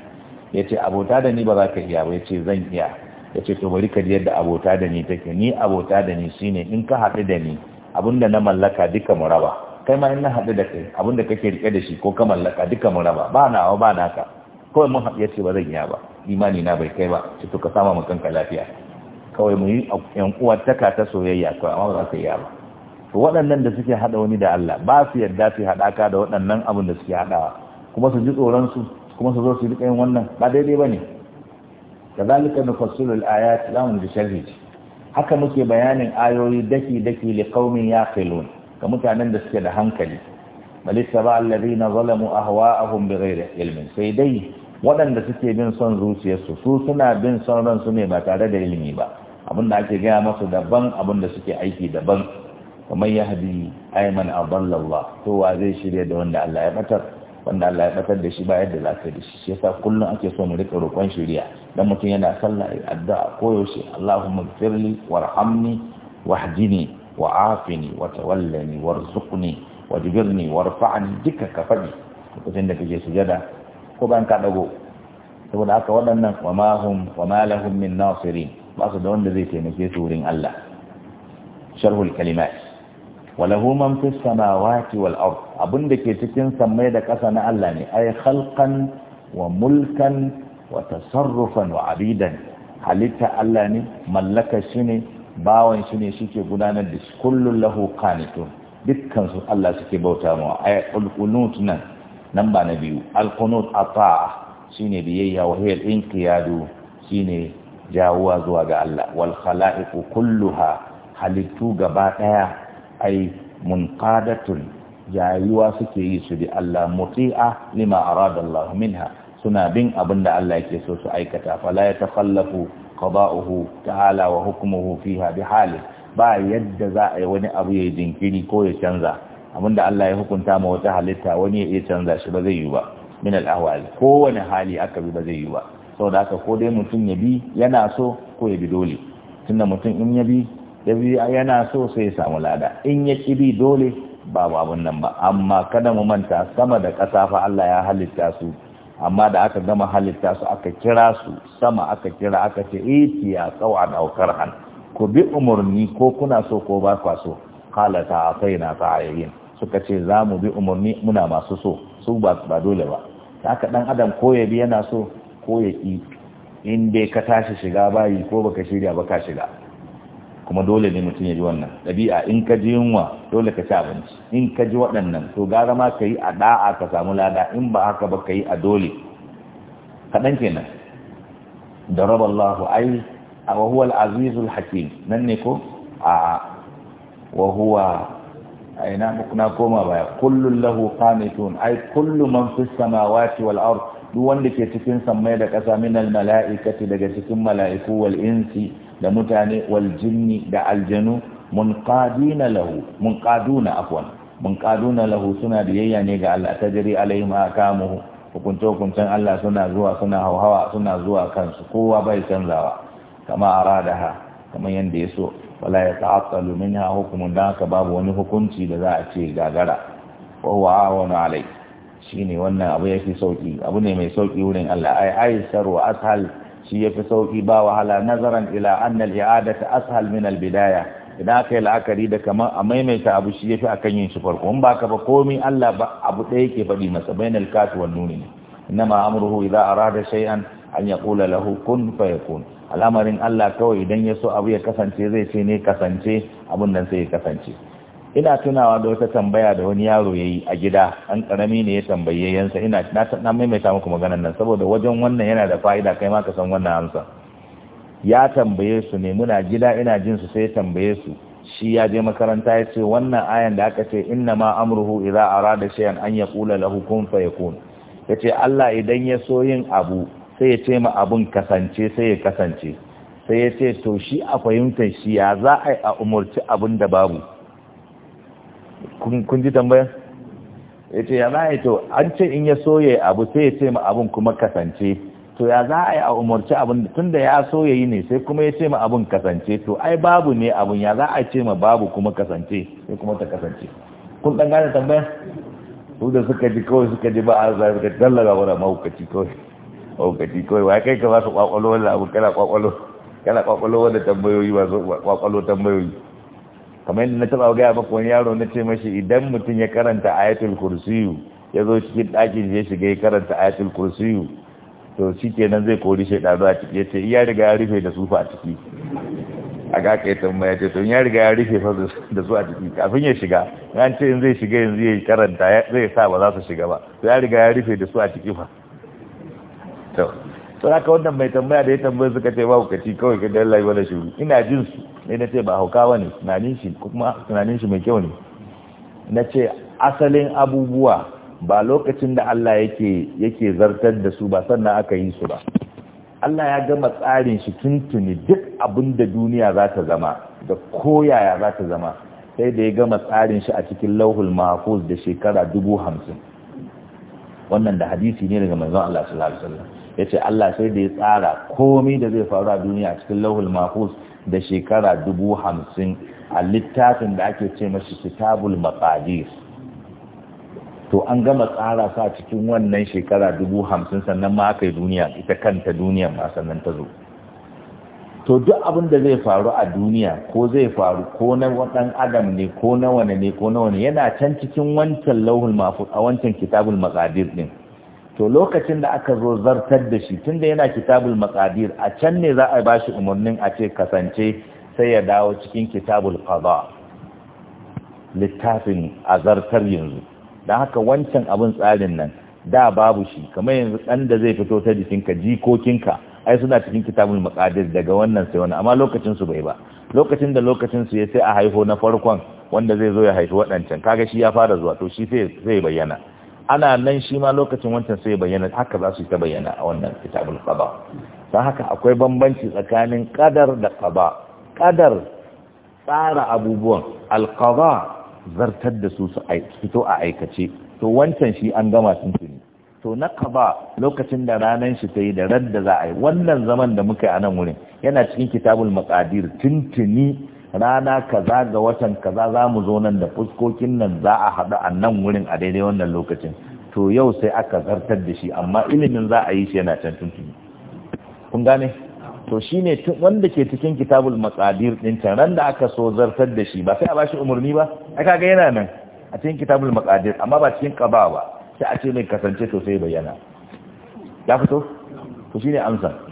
ya ce abota da ni ba za ka iya ba ya ce zan iya ya ce to bari ka ji yadda abota da ni take ni abota da ni shine in ka haɗu da ni abun da na mallaka duka mu raba kai ma in na haɗu da kai abun da kake rike da shi ko ka mallaka duka mu raba ba nawa ba naka kawai mun haɗu ya ce ba zan iya ba imani na bai kai ba ce to ka sama mu kanka lafiya kawai mu yi yan taka ta soyayya kawai amma ba su ka iya ba to waɗannan da suke haɗa wani da Allah ba su yarda su haɗaka da waɗannan abin da suke haɗawa kuma su ji tsoron su kuma su zo su rika yin wannan ba daidai bane kazalika nufassilu al-ayat lamun bi sharhi haka muke bayanin ayoyi daki daki li qaumin yaqilun ga mutanen da suke da hankali balisa ba alladhina zalamu ahwa'ahum bighayri ilmin sai dai waɗanda suke bin son zuciyarsu su suna bin son ransu ne ba tare da ilimi ba abin da ake gaya masu daban abin da suke aiki daban kamar ya hadi aiman aballallah to wa zai shirya da wanda Allah ya batar wanda Allah ya batar da shi ba yadda za ka da shi yasa kullum ake so mu rika roƙon shirya dan mutum yana sallah ya addu'a koyaushe Allahumma ighfirli warhamni wahdini wa'afini wa tawallani warzuqni wajbirni warfa'ni duka ka faɗi lokacin da kake sujada ko ban ka dago saboda haka waɗannan wa ma hum wa ma lahum min nasirin ba su da wanda zai taimake su wurin Allah sharhul kalimat walahu man fis samawati wal ard abinda ke cikin sammai da ƙasa na Allah ne ay khalqan wa mulkan wa tasarrufan wa abidan halitta Allah ne mallaka shi ne bawan shi ne shike gudanar da shi kullun lahu qanitun dukkan su Allah suke bauta mu ay qunut nan nan ba na biyu al qunut ata'a shine biyayya wa hiya al inqiyadu shine jawuwa zuwa ga Allah wal khala'iqu kulluha halittu gaba daya ai munqadatun jayuwa suke yi su bi Allah muti'a lima arada Allah minha suna bin abin da Allah yake so su aikata fala yatakhallafu qada'uhu ta'ala wa hukmuhu fiha bi hali ba yadda za a yi wani abu ya jinkiri ko ya canza abinda Allah ya hukunta ma wata halitta wani ya canza shi ba zai yi ba min al-ahwal kowane hali aka bi ba zai yi ba saboda haka ko dai mutum ya bi yana so ko ya bi dole tunda mutum in ya bi ya bi yana so sai ya samu lada in ya ki bi dole ba abun nan ba amma kada mu manta sama da ƙasa fa Allah ya halitta su amma da aka gama halitta su aka kira su sama aka kira aka ce iti ya tsawa aukar han ku bi umarni ko kuna so ko ba kwa so kala ta akai ta ayyin suka ce za mu bi umarni muna masu so su ba ba dole ba haka dan adam ko ya bi yana so ko ya ƙi in dai ka tashi shiga bayi ko baka shirya ba ka shiga kuma dole ne mutum ya ji wannan ɗabi'a in ka ji yunwa dole ka ci abinci in ka ji waɗannan to gara ma ka yi a ɗa'a ka samu lada in ba haka ba ka yi a dole kaɗan kenan da raballahu ai a wahuwa al'azizul hakim nan ne ko a wahuwa aina na koma baya kullum lahu qanitun ai kullu man fis samawati wal ard duk wanda ke cikin sammai da ƙasa minal mala'ikati daga cikin mala'iku wal insi da mutane wal jinni da aljanu munqadina lahu munqaduna afwan munqaduna lahu suna da yayya ne ga Allah tajri alaihim akamuhu hukunce hukuncen Allah suna zuwa suna hauhawa suna zuwa kansu kowa bai canzawa kama aradaha kamar yanda ya so wala ya minha hukumun da haka babu wani hukunci da za a ce gagara wa huwa awana alai shine wannan abu yafi sauki abu ne mai sauki wurin Allah ai aisar wa ashal shi yafi sauki ba wahala nazaran ila anna al-i'adata ashal min al-bidaya idan aka yi la'akari da kamar a maimaita abu shi yafi akan yin shi farko in baka ba komai Allah ba abu ɗaya yake faɗi masa bainal kafi nuni inma amruhu idza arada shay'an an yaqula lahu kun fayakun al'amarin Allah kawai idan ya so abu ya kasance zai ce ne kasance abun nan sai ya kasance ina tunawa da wata tambaya da wani yaro ya yi a gida an karami ne ya tambaye yansa ina na maimaita muku maganan nan saboda wajen wannan yana da fa'ida kai ma ka san wannan amsa ya tambaye su ne muna gida ina jin su sai ya tambaye su shi ya je makaranta ya ce wannan ayan da aka ce inna ma amruhu idza arada shay'an an yaqula lahu kun fayakun yace Allah idan ya so yin abu sai ya ce ma abun kasance sai ya kasance sai ya ce to shi a fahimtar shi ya za a a umurci abun da babu kun ji tambayan ya ce ya za to an ce in ya soye abu sai ya ce ma abun kuma kasance to ya za a yi a umarci abin tun da ya soye yi ne sai kuma ya ce ma abin kasance to ai babu ne abin ya za a ce ma babu kuma kasance sai kuma ta kasance kun ɗan gane tambayar su da suka ji kawai suka ji ba a zai suka tallaga wani mahaukaci kawai mahaukaci kawai wa kai ka ba su kwakwalo wani abu kana kwakwalo kana kwakwalo wani tambayoyi ba su kwakwalo tambayoyi kamar yadda na taba gaya maka wani yaro na ce mashi idan mutum ya karanta ayatul kursiyu ya zo cikin ɗakin ya shiga ya karanta ayatul kursiyu to shi kenan zai kori ɗazu a ciki ya ce ya riga ya rufe da sufa a ciki a ga kaka ya tambaya ce to ya riga ya rufe fa da su a ciki kafin ya shiga an ce in zai shiga yanzu ya karanta zai sa ba za su shiga ba to ya riga ya rufe da su a ciki fa to haka wannan mai tambaya da ya tambaya suka ce ba hukaci kawai ka dalla wala shuru ina jin su ne na ce ba hauka ba ne tunanin shi kuma tunanin shi mai kyau ne na ce asalin abubuwa ba lokacin da Allah yake yake zartar da su ba sannan aka yi su ba Allah ya gama tsarin shi tuntuni duk abin da duniya za ta zama da koyaya za ta zama sai da ya gama tsarin shi a cikin lauhul mahfuz da shekara dubu hamsin wannan da hadisi ne daga manzon Allah sallallahu alaihi wasallam ya ce Allah sai da ya tsara komi da zai faru a duniya cikin lauhul mafus da shekara dubu hamsin a littafin da ake ce mashi kitabul maqadir to an gama tsara sa cikin wannan shekara dubu hamsin sannan ma aka yi duniya ita kanta duniya ma sannan ta zo to duk abin da zai faru a duniya ko zai faru ko na wadan adam ne ko na wane ne ko na wane yana can cikin wancan lauhul mafus a wancan kitabul maqadir din to lokacin da aka zo zartar da shi tunda yana kitabul maqadir a can ne za a ba shi umarnin a ce kasance sai ya dawo cikin kitabul qada littafin a zartar yanzu don haka wancan abin tsarin nan da babu shi kamar yanzu ɗan da zai fito ta jikinka jikokinka ai suna cikin kitabul maqadir daga wannan sai wani amma lokacin su bai ba lokacin da lokacin su ya sai a haifo na farkon wanda zai zo ya haifi waɗancan kaga shi ya fara zuwa to shi sai zai bayyana ana nan shi ma lokacin wancan sai bayyana haka za su yi ta bayyana a wannan kitabul qada dan haka akwai bambanci tsakanin qadar da qada qadar tsara abubuwan al qada zartar da su su fito a aikace to wancan shi an gama sun tuni to na qada lokacin da ranan shi ta yi da radda za a yi wannan zaman da muka yi a nan wurin yana cikin kitabul maqadir tuntuni rana kaza ga watan kaza za mu zo nan da fuskokin nan za a haɗu a nan wurin a daidai wannan lokacin to yau sai aka zartar da shi amma ilimin za a yi shi yana can tuntuni kun gane to shi ne wanda ke cikin kitabul matsadir din can ran da aka so zartar da shi ba sai a bashi umarni ba a kaga yana nan a cikin kitabul matsadir amma ba cikin kaba ba sai a ce mai kasance to sai bayyana ya fito to shi ne amsa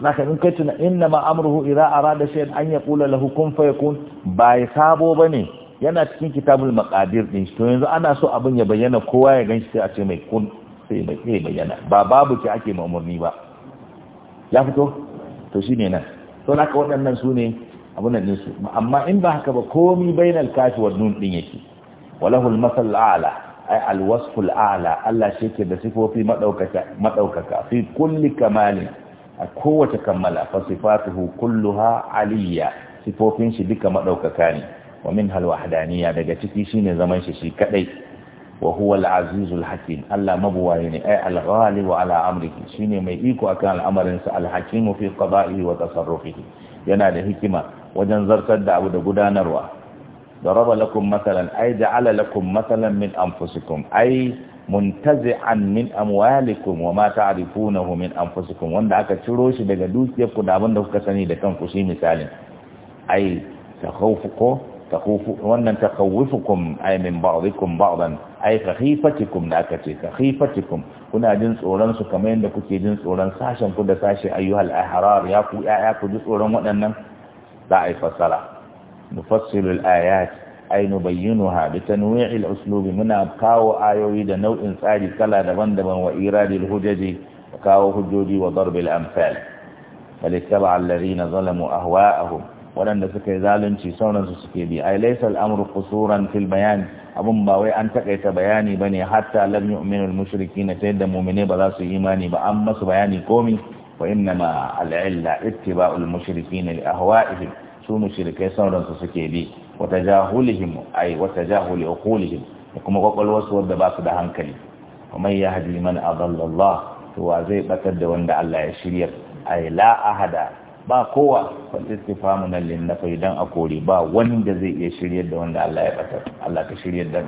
naka in kai tuna inna ma amruhu idza arada shay'an an yaqula lahu kun fayakun ya sabo bane yana cikin kitabul maqadir din to yanzu ana so abin ya bayyana kowa ya ganshi sai a ce mai kun sai mai sai bayyana ba babu ce ake mamurni ba ya fito to shine nan to naka waɗannan su ne abun nan su amma in ba haka ba komi bainal kafi wa nun din yake walahul masal a'la ai alwasful a'la Allah shi ke da sifofi madaukaka madaukaka fi kulli kamalin a kowace kammala fa sifatuhu kulluha aliyya sifofin shi duka madaukaka ne wa min hal wahdaniya daga ciki shine zaman shi shi kadai wa huwa al hakim Allah mabuwaye ne ai al wa ala amrihi shine mai iko akan al'amarin sa al-hakim fi qada'ihi wa tasarrufihi yana da hikima wajen zartar da abu da gudanarwa daraba lakum masalan ay ja'ala lakum masalan min anfusikum ai. muntazi'an min amwalikum wa ma ta'rifunahu min anfusikum wanda aka ciro shi daga dukiyar ku da abin da kuka sani da kanku shi misalin ai takhawfuko wannan takhawufukum ay min ba'dikum ba'dan ay khifatikum da aka ce khifatikum kuna jin tsoron su kamar yadda kuke jin tsoron sashen ku da sashe ayyuhal ahrar ya ku ya ku ji tsoron waɗannan za a yi fassara nufassilu ayati ay nubayyinuha bi tanwi'il uslubi muna kawo ayoyi da nau'in tsari kala daban-daban wa iradil hujaji kawo hujjoji wa darbil amsal bal ittaba alladhina zalamu ahwa'ahum waɗanda suka yi zalunci sauransu suke bi ai laysa al-amru qusuran fil bayan abun ba wai an takaita bayani bane hatta lam yu'minu al-mushrikeena ta yadda mu'mine ba za su yi imani ba an masu bayani komi wa innama al-illa ittiba'u al-mushrikeena li ahwa'ihim su mushrikai sauransu suke bi wata jahulihim ai wata jahuli uqulihim da kuma kwakwalwarsu wadda ba su da hankali kuma ya hadi man adalla to wa zai batar da wanda Allah ya shirya ai ba kowa wal istifamu nan lin nafi dan akori ba wanda zai iya shiryar da wanda Allah ya batar Allah ka shiryar da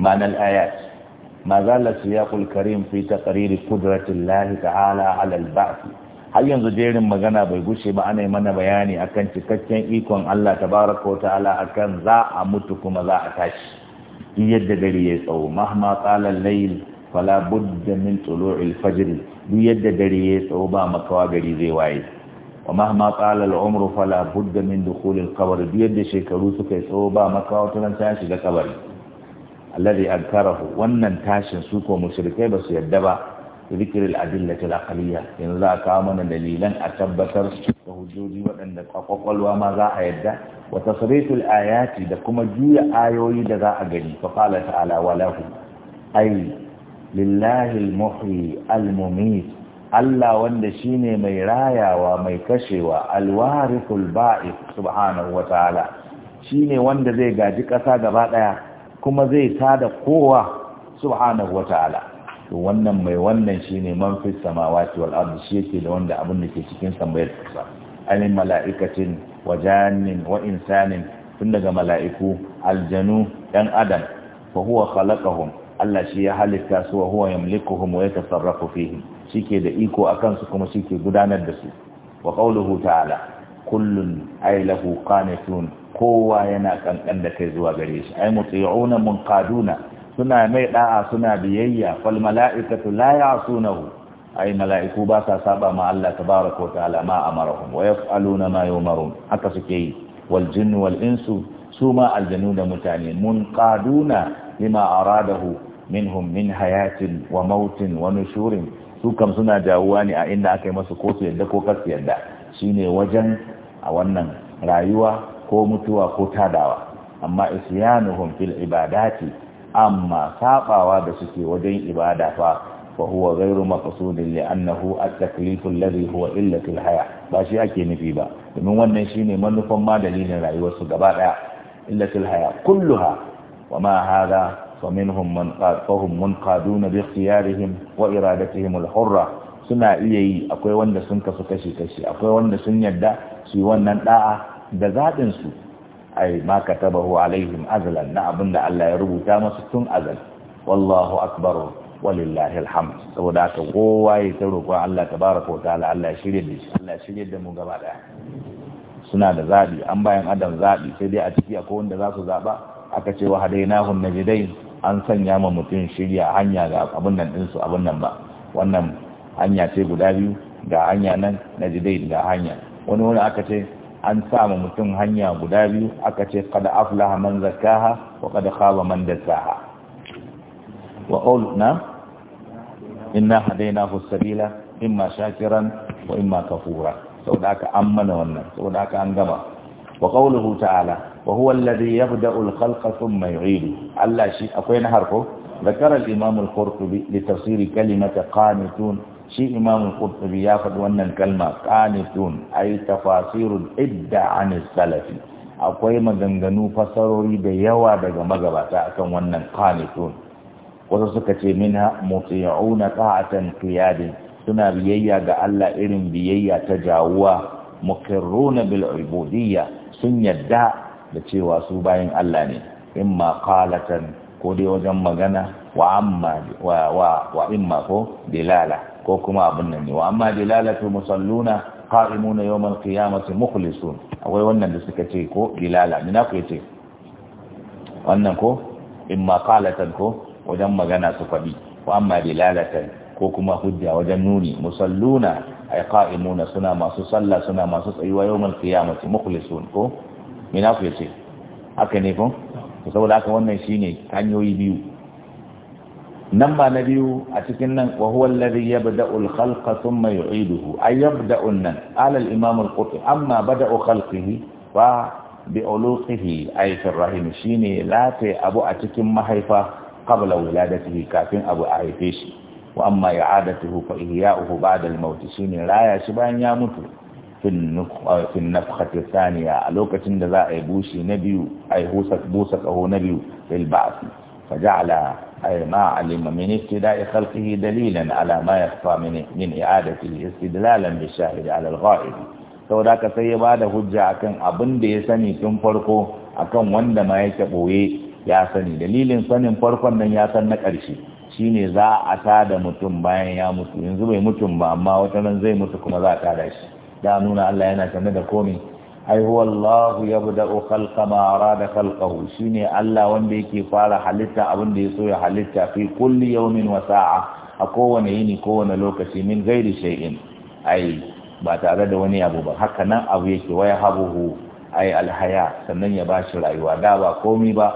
ma'anar ayat ما زال سياق karim في تقرير قدرة ta'ala تعالى على har yanzu jerin magana bai gushe ba ana mana bayani akan cikakken ikon Allah tabaraka wa ta'ala akan za a mutu kuma za a tashi yadda dare ya tsawo mahma tsalar layl fala budda min tulu'il fajr duk yadda dare ya tsawo ba makawa gari zai waye wa mahma qala umru fala budda min dukhulil Kabar, duk yadda shekaru suka yi tsawo ba makawa wata ran sai shiga kabari alladhi ankarahu wannan tashin su ko mushrikai ba su yadda ba ذكر الأدلة العقلية إن ذاك آمن دليلا أتبتر وهجودي وأن أقوال وما ذا أيدا وتصريف الآيات دكما جوي آيوي دغا أغني فقال تعالى وله أي لله المحيي المميت Allah wanda shine mai rayawa mai kashewa alwarithul ba'ith subhanahu shine wanda zai gaji ƙasa gaba ɗaya kuma zai da kowa subhanahu ta'ala. to wannan mai wannan shine man fi samawati wal ardi shi yake da wanda abin da ke cikin sambayar kasa alin mala'ikatin wa jannin wa insanin tun daga mala'iku aljanu dan adam fa huwa khalaqahum Allah shi ya halitta su wa huwa yamlikuhum wa yatasarrafu fihim shike da iko akan su kuma shike gudanar da su wa qawluhu ta'ala kullun ay lahu qanitun kowa yana kankan da kai zuwa gare shi ay muti'una munqaduna suna mai da'a suna biyayya fal mala'ikatu la ya'sunahu ai mala'iku ba sa saba ma Allah ta wa ta'ala ma amarahum wa yaf'aluna ma yumarun haka suke yi wal jinnu wal insu suma aljannu da mutane munqaduna lima aradahu minhum min hayatin wa mautin wa nushurin su kam suna jawuwa ne a inda aka yi masu ko su yadda ko kar su yadda shine wajen a wannan rayuwa ko mutuwa ko tadawa amma isyanuhum fil ibadati amma sabawa da suke wajen ibada fa fa huwa ghairu maqsudin li'annahu at-taklif alladhi huwa illatul haya ba shi ake nufi ba domin wannan shine manufan ma rayuwar su gaba daya illatul haya kulluha wa ma hadha fa minhum man qad munqaduna bi ikhtiyarihim wa iradatihim al-hurra suna iya yi akwai wanda sun kasu kashi kashi akwai wanda sun yadda su yi wannan da'a da zaɓin su ai ma katabahu alaihim azlan na abinda Allah ya rubuta masu tun azal wallahu akbar walillahi alhamd saboda haka kowa ya ta ko Allah tabaraka wa ta'ala Allah ya shirye da Allah ya shirye da mu gaba daya suna da zabi an bayan adam zabi sai dai a ciki akwai wanda za su zaba aka ce wa hadainahum najidain an sanya ma mutum shirya hanya ga abin nan din su abin nan ba wannan hanya ce guda biyu ga hanya nan na jidai ga hanya wani wani aka ce an samu mutum hanya guda biyu aka ce kada aflaha man zakaha wa kada khaba man dassaha wa qulna inna hadaynahu as-sabila imma shakiran wa imma kafura saboda aka an mana wannan saboda aka an gama wa qawluhu ta'ala wa huwa alladhi yabda'u al-khalqa thumma yu'idu Allah shi akwai na harko Imam al ذكر الإمام القرطبي لتفسير كلمة قانتون shi imamu kurtubi ya faɗi wannan kalma a yi tafasirun idda an salafi akwai maganganu fasarori da yawa daga magabata akan wannan qanitun wasu suka ce ya auna ƙa'atan qiyadin suna biyayya ga Allah irin biyayya ta jawuwa muqirruna bil bilibodiyya sun yadda da cewa su bayan Allah ne in ma ƙalatan ko dai wajen magana wa amma wa wa imma ko dilala ko kuma abin nan ne wa amma dilalatu musalluna qa'imuna yawm al-qiyamati mukhlisun akwai wannan da suka ce ko dilala ni na ku yace wannan ko imma qalatan ko wajen magana su faɗi wa amma dilalatan ko kuma hujja wajen nuni musalluna ay qa'imuna suna masu sallah suna masu tsayuwa yawm al-qiyamati mukhlisun ko ni na ku yace haka ne ko saboda haka wannan shine hanyoyi biyu nan ba na biyu a cikin nan wa huwa alladhi yabda'u al-khalqa thumma yu'iduhu ay yabda'u nan qala al-imam al-qurtubi amma bada'u khalqihi fa bi uluqihi ay fi rahim shine lati abu a cikin mahaifa qabla wiladatihi kafin abu a haife shi wa amma i'adatuhu fa ihya'uhu ba'da al-maut shine raya shi bayan ya mutu fin nafkhati thaniya a lokacin da za a yi bushi na biyu busa kaho na biyu lil ba'th faja'ala أي ما علم من ابتداء خلقه دليلا على ما يخفى من من إعادته استدلالا بالشاهد على الغائب saboda sai ya bada hujja akan abin da ya sani tun farko akan wanda ma yake boye ya sani dalilin sanin farkon nan ya san na ƙarshe shine za a tada mutum bayan ya mutu yanzu bai mutum ba amma wata ran zai mutu kuma za a tada shi da nuna Allah yana sanar da komai ai Allah ya buda'u khalqa da arada shine Allah wanda yake fara halitta abin da so ya halitta fi kulli yawmin wasa'a a kowane yini kowane lokaci min gairi shai'in ai ba tare da wani abu ba haka nan abu yake waya habuhu ai alhaya sannan ya bashi rayuwa da ba komi ba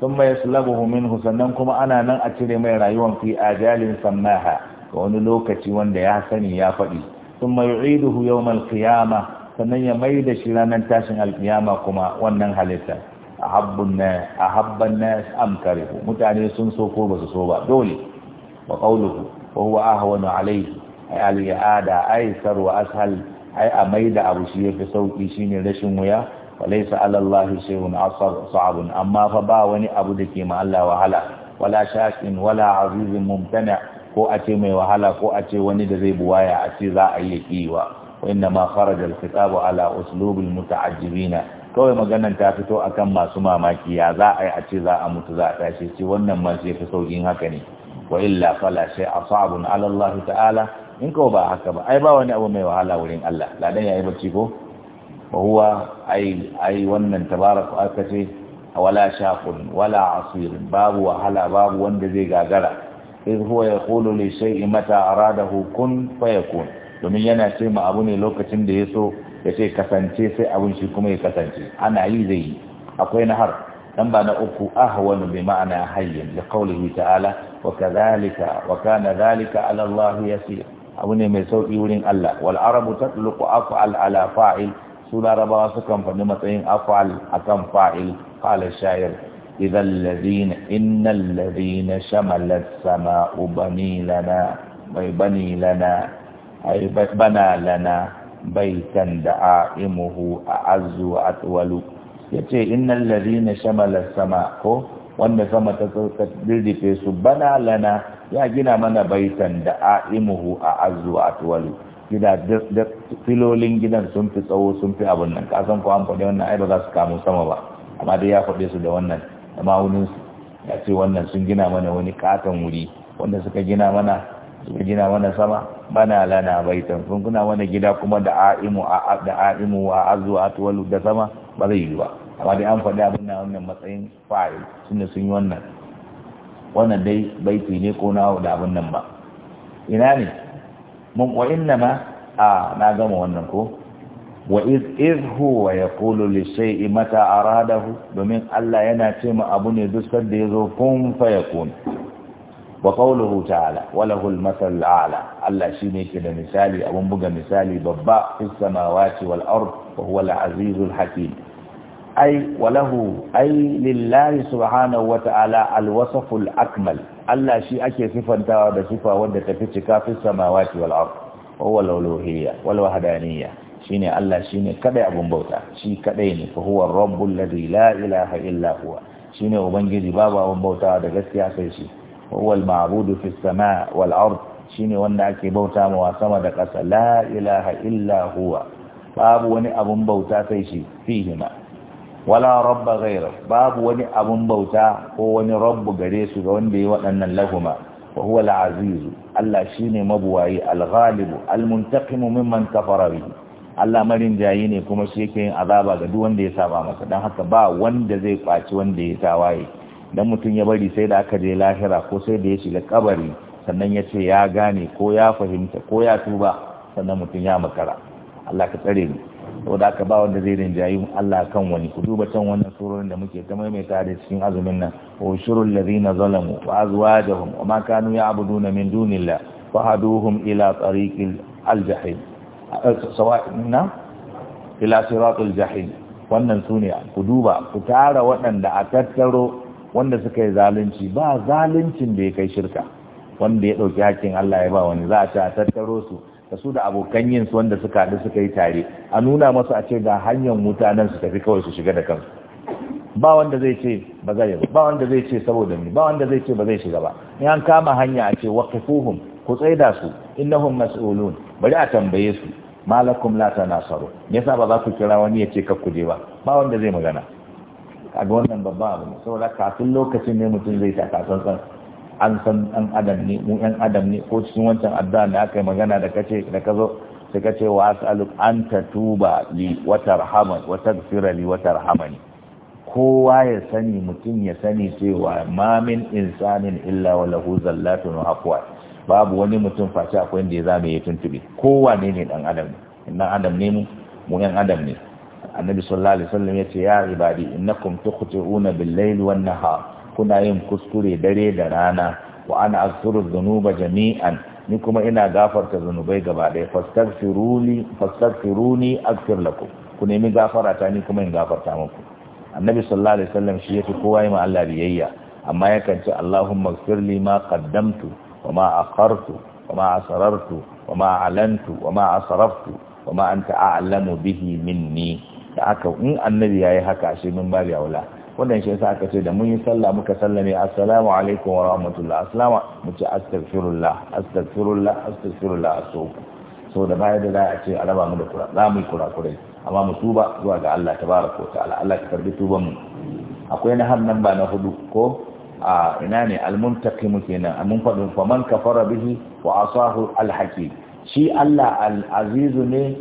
sun mai sulabuhu minhu sannan kuma ana nan a cire mai rayuwan fi ajalin sammaha ga wani lokaci wanda ya sani ya faɗi sun mai yu'iduhu yawmal qiyamah sannan ya mai da shi ranar tashin alkiyama kuma wannan halitta a habban ahabban na amkarihu mutane sun so ko ba su so ba dole wa qawluhu wa huwa ahwanu alayhi ay al-i'ada aysar ashal ai a mai da abu shi yafi sauki shine rashin wuya wa alallahi 'ala Allahi shay'un asab amma fa ba wani abu da ke ma Allah wahala wala shakin wala azizin mumtana ko a ce mai wahala ko a ce wani da zai buwaya a ce za a yi kiwa wa inna ma kharaja al-khitabu ala uslub mutaajjibina kawai maganan ta fito akan masu mamaki ya za a yi a ce za a mutu za a tashi ce wannan ma sai fi saukin haka ne wa illa fala shay asabun ala Allah ta'ala in ko ba haka ba ai ba wani abu mai wahala wurin Allah ladan yayi bacci ko ba? huwa ai ai wannan tabaraka aka ce wala shaqun wala asir babu wahala babu wanda zai gagara iz huwa yaqulu li shay'in mata aradahu kun fayakun domin yana ce ma abu ne lokacin da ya so ya ce kasance sai abun shi kuma ya kasance ana yi zai yi akwai na har dan ba na uku wani bai ma'ana hayyin da qawlihi ta'ala wa zalika wa kana dhalika abu ne mai sauki wurin Allah wal arabu tatluqu af'al ala fa'il su larabawa sukan faɗi matsayin af'al akan fa'il qala shayar idan ladina innal ladina shamalat sama'u bani lana mai bani lana ai bana lana baitan da a'imuhu a azu a tsawalu ya ce innan shamalar sama ko wanda sama ta dirdife su bana lana ya gina mana baitan da imuhu a azu a gida da filolin gidan sun fi tsawo sun fi abin nan kasan ko an faɗi wannan ai ba za su kamo sama ba amma dai ya faɗe su da wannan da su ya ce wannan sun gina mana wani katon wuri wanda suka gina mana suka gina wani sama bana lana baitan kun kuna wani gida kuma da aimu a da aimu wa azu atwalu da sama ba zai yi ba amma dai an faɗi abin nan wannan matsayin fa'il sunne sun yi wannan wannan dai baiti ne ko na da abin nan ba ina ne mun wa inna ma a na gama wannan ko wa iz iz huwa yaqulu li shay'i mata aradahu domin Allah yana ce mu abu ne duk sanda yazo kun fa yakun wa qawluhu ta'ala wa lahul masal a'la Allah shine yake da misali abun buga misali babba fis samawati wal ard wa huwa al azizul hakim ai wa lahu ai lillahi subhanahu wa ta'ala al wasful akmal Allah shi ake sifantawa da sifa wanda tafi cika fis samawati wal ard wa huwa al uluhiyya wal wahdaniyya shine Allah shine kadai abun bauta shi kadai ne fa huwa rabbul ladhi la ilaha illa huwa shine ubangiji babu abun bauta da gaskiya sai shi huwa al-ma'budu fi as wal ard shine wanda ake bauta mawa sama da ƙasa la ilaha illa huwa babu wani abun bauta sai shi fihima wala rabba ghayra babu wani abun bauta ko wani rabbu gare su ga wanda yi waɗannan lahuma wa huwa al-aziz Allah shine mabuwayi al-ghalib al-muntaqim mimman kafara bihi Allah marin jayi ne kuma shi yake yin azaba ga duk wanda ya saba masa dan haka ba wanda zai kwaci wanda ya tawaye dan mutum ya bari sai da aka je lahira ko sai da ya shiga kabari sannan ya ce ya gane ko ya fahimta ko ya tuba sannan mutum ya makara Allah ka tsare ni saboda aka ba wanda zai rinjayi Allah kan wani ku duba can wannan surorin da muke ta maimaita da cikin azumin nan wa shurul ladina zalamu wa azwajuhum wa ma kanu ya'buduna min dunillah fahaduhum ila tariqil aljahim sawa'na ila siratil jahim wannan sune ku duba ku tara waɗanda a tattaro wanda suka yi zalunci ba zaluncin da ya kai shirka wanda ya ɗauki hakkin Allah ya ba wani za a ce a tattaro su da su da abokan yin su wanda suka haɗu suka yi tare a nuna masu a ce ga hanyar mutanen su tafi kawai su shiga da kansu ba wanda zai ce ba zai ba wanda zai ce saboda ni ba wanda zai ce ba zai shiga ba in an kama hanya a ce waqifuhum ku tsaida su innahum mas'ulun bari a tambaye su malakum la tanasaru yasa ba za ku kira wani ya ce kakku je ba ba wanda zai magana kaga wannan babban abu ne saboda kafin lokacin ne mutum zai ta kasan san an san an adam ne mu yan adam ne ko cikin wancan addu'a da aka yi magana da kace da ka zo sai kace wa as'alu an tatuba li wa tarhama wa tagfira li wa tarhamani kowa ya sani mutum ya sani cewa ma min insanin illa wa lahu zallatun aqwa babu wani mutum face akwai inda ya zama ya tuntube kowa ne ne dan adam ne dan adam ne mu mu yan adam ne annabi sallallahu alaihi wasallam yace ya ibadi innakum tukhti'una bil-layli wan-nahar kuna yin kuskure dare da rana wa ana aghfiru dhunuba jami'an ni kuma ina gafarta zunubai gaba ɗaya fastaghfiruni fastaghfiruni aghfir lakum ku nemi gafara ta ni kuma in gafarta muku annabi sallallahu alaihi wasallam shi yafi kowa yi ma Allah biyayya amma yakan ce Allahumma ighfirli ma qaddamtu wa ma akhartu wa ma asrartu wa ma alantu wa ma asraftu wa ma anta a'lamu bihi minni da aka in annabi yayi haka ashe min babu aula wannan shi yasa aka ce da mun yi sallah muka sallame assalamu alaikum wa rahmatullah assalamu mu ce astaghfirullah astaghfirullah astaghfirullah asoku so da baya da za a ce a raba mu da kura za mu yi kura kurakurai amma mu tuba zuwa ga Allah tabaraka wa ta'ala Allah ka karbi tuban mu akwai na har nan ba na hudu ko a ina ne almuntaqimu kenan amun fadin man kafara bihi wa asahu alhaki shi Allah al-azizu ne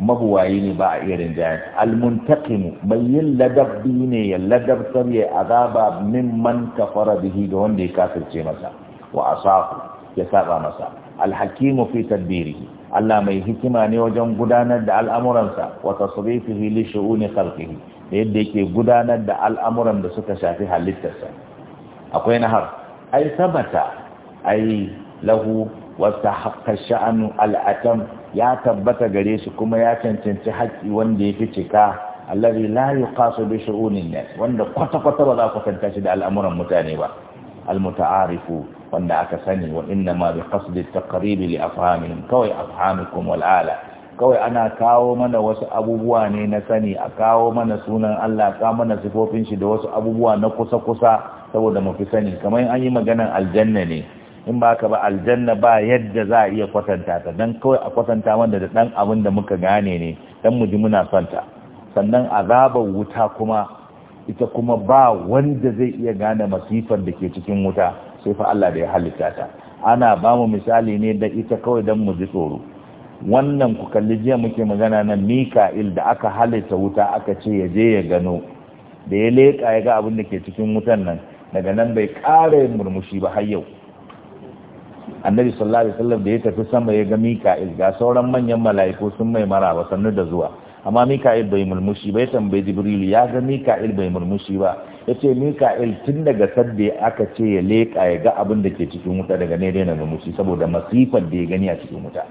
mahuwayi ne ba a irin jayan almuntaqimu mai yin ladabbi ne ya ladabtar ya azaba mimman kafara bihi ga wanda ya kafirce masa wa asafu ya saba masa alhakimu fi tadbirihi Allah mai hikima ne wajen gudanar da al'amuransa wa tasrifihi li shu'uni khalqihi da yadda yake gudanar da al'amuran da suka shafi halittarsa akwai nahar ai sabata ai lahu wata haƙƙa sha'anu al'atam ya tabbata gare shi kuma ya cancanci haƙƙi wanda ya fi cika allazi la yuqasu bi shu'unin nas wanda kwata kwata ba za ku kanta shi da al'amuran mutane ba al muta'arifu wanda aka sani wa inna ma bi qasdi taqrib li afhamihim kawai afhamikum wal ala kawai ana kawo mana wasu abubuwa ne na sani a kawo mana sunan Allah ka mana sifofin shi da wasu abubuwa na kusa kusa saboda mu fi sani kamar an yi maganan aljanna ne in ba ka ba aljanna ba yadda za a iya kwatanta ta dan kawai a kwatanta wanda da ɗan abin da muka gane ne dan mu ji muna santa sannan azabar wuta kuma ita kuma ba wanda zai iya gane masifar da ke cikin wuta sai fa Allah da ya halitta ta ana ba mu misali ne da ita kawai dan mu ji tsoro wannan ku kalli jiya muke magana nan Mika'il da aka halitta wuta aka ce ya je ya gano da ya leka ya ga abin da ke cikin wutan nan daga nan bai ƙara murmushi ba har yau annabi sallallahu alaihi wasallam da ya tafi sama ya ga mika'il ga sauran manyan mala'iku sun mai maraba sannu da zuwa amma mika'il bai murmushi ba ya tambayi jibril ya ga mika'il bai murmushi ba ya ce mika'il tun daga sadda aka ce ya leƙa ya ga abin da ke cikin wuta daga ne daina murmushi saboda masifar da ya gani a cikin wuta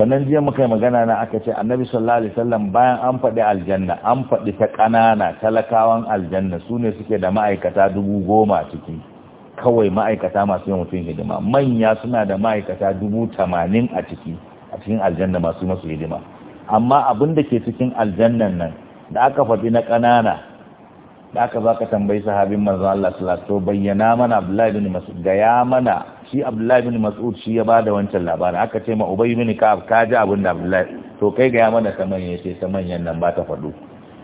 sannan jiya muka yi magana na aka ce annabi sallallahu alaihi wasallam bayan an faɗi aljanna an faɗi ta ƙanana talakawan aljanna su ne suke da ma'aikata dubu goma ciki kawai ma'aikata masu yin mutum hidima manya suna da ma'aikata dubu tamanin a ciki a cikin aljanna masu masu hidima amma abin da ke cikin aljannan nan da aka faɗi na ƙanana da aka zaka tambayi sahabin manzon Allah sallallahu bayyana mana Abdullahi bin Mas'ud gaya mana shi Abdullahi bin Mas'ud shi ya bada wancan labarin aka ce ma Ubay bin Ka'ab ka ji abin da Abdullahi to kai gaya mana mana saman ce ta manyan nan ba ta faɗo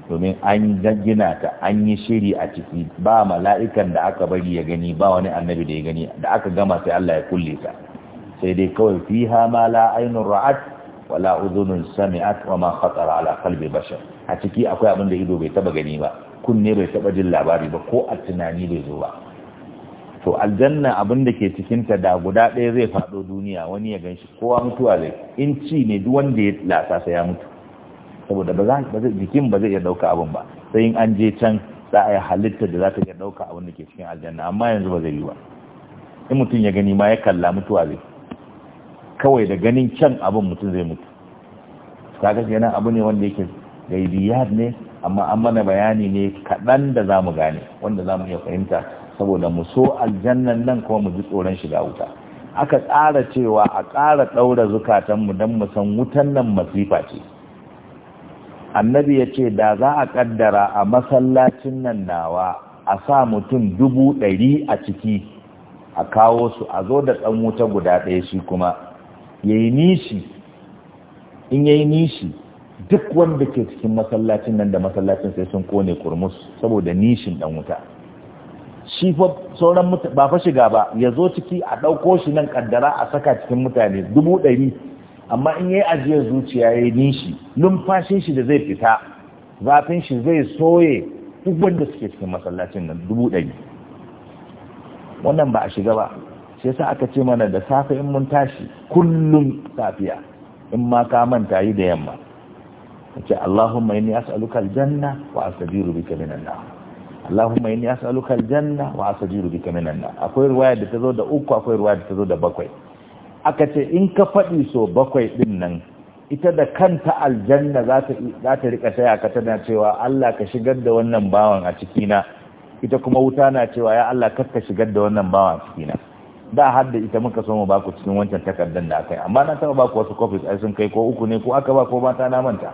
domin an gina ta an yi shiri a ciki ba mala'ikan da aka bari ya gani ba wani annabi da ya gani da aka gama sai Allah ya kulle ta sai dai kawai fiha ma la ainun ra'at wala udhunun sami'at wa ma khatara ala qalbi bashar a ciki akwai abin da ido bai taba gani ba kunne bai taba jin labari ba ko a tunani bai zo ba to aljanna abin da ke cikin ta da guda ɗaya zai faɗo duniya wani ya ganshi kowa mutuwa zai in ci ne duk wanda ya lasa sai ya mutu saboda ba zai jikin ba zai iya dauka abin ba sai in an je can za a yi halitta da za ta iya dauka abin da ke cikin aljanna amma yanzu ba zai yi ba in mutum ya gani ma ya kalla mutuwa zai kawai da ganin can abin mutum zai mutu kaga yana abu ne wanda yake gaibiyat ne amma an mana bayani ne kaɗan da za mu gane wanda za mu iya fahimta saboda mu so aljannan nan kuma mu ji tsoron shiga wuta aka tsara cewa a kara ɗaura zukatanmu don mu san wutan nan masifa ce annabi ya ce da za a kaddara a masallacin nan nawa a sa mutum dubu ɗari a ciki a kawo su a zo da ɗan wuta guda ɗaya shi kuma ya yi nishi in ya yi nishi duk wanda ke cikin masallacin nan da masallacin sai sun kone kurmus saboda nishin ɗan wuta shi fa sauran ba fa shiga ba ya zo ciki a ɗauko shi nan kaddara a saka cikin mutane dubu ɗari amma in yi ajiyar zuciya ya yi nishi numfashin shi da zai fita zafin shi zai soye duk da suke cikin masallacin nan dubu ɗari wannan ba a shiga ba sai sa aka ce mana da safe in mun tashi kullum safiya in ma ka manta yi da yamma ce Allahumma inni as'aluka aljanna wa astajiru bika minan nar Allahumma inni as'aluka aljanna wa astajiru bika minan akwai riwaya da ta zo da uku akwai riwaya da ta zo da bakwai aka ce in ka faɗi so bakwai ɗin nan ita da kanta aljanna za ta rika taya ka tana cewa Allah ka shigar da wannan bawan a cikina ita kuma wuta na cewa ya Allah kar ka shigar da wannan bawan a cikina da har da ita muka so mu baku cikin wancan takardar da aka yi amma na taɓa baku wasu kofis ai sun kai ko uku ne ko aka ba ko mata na manta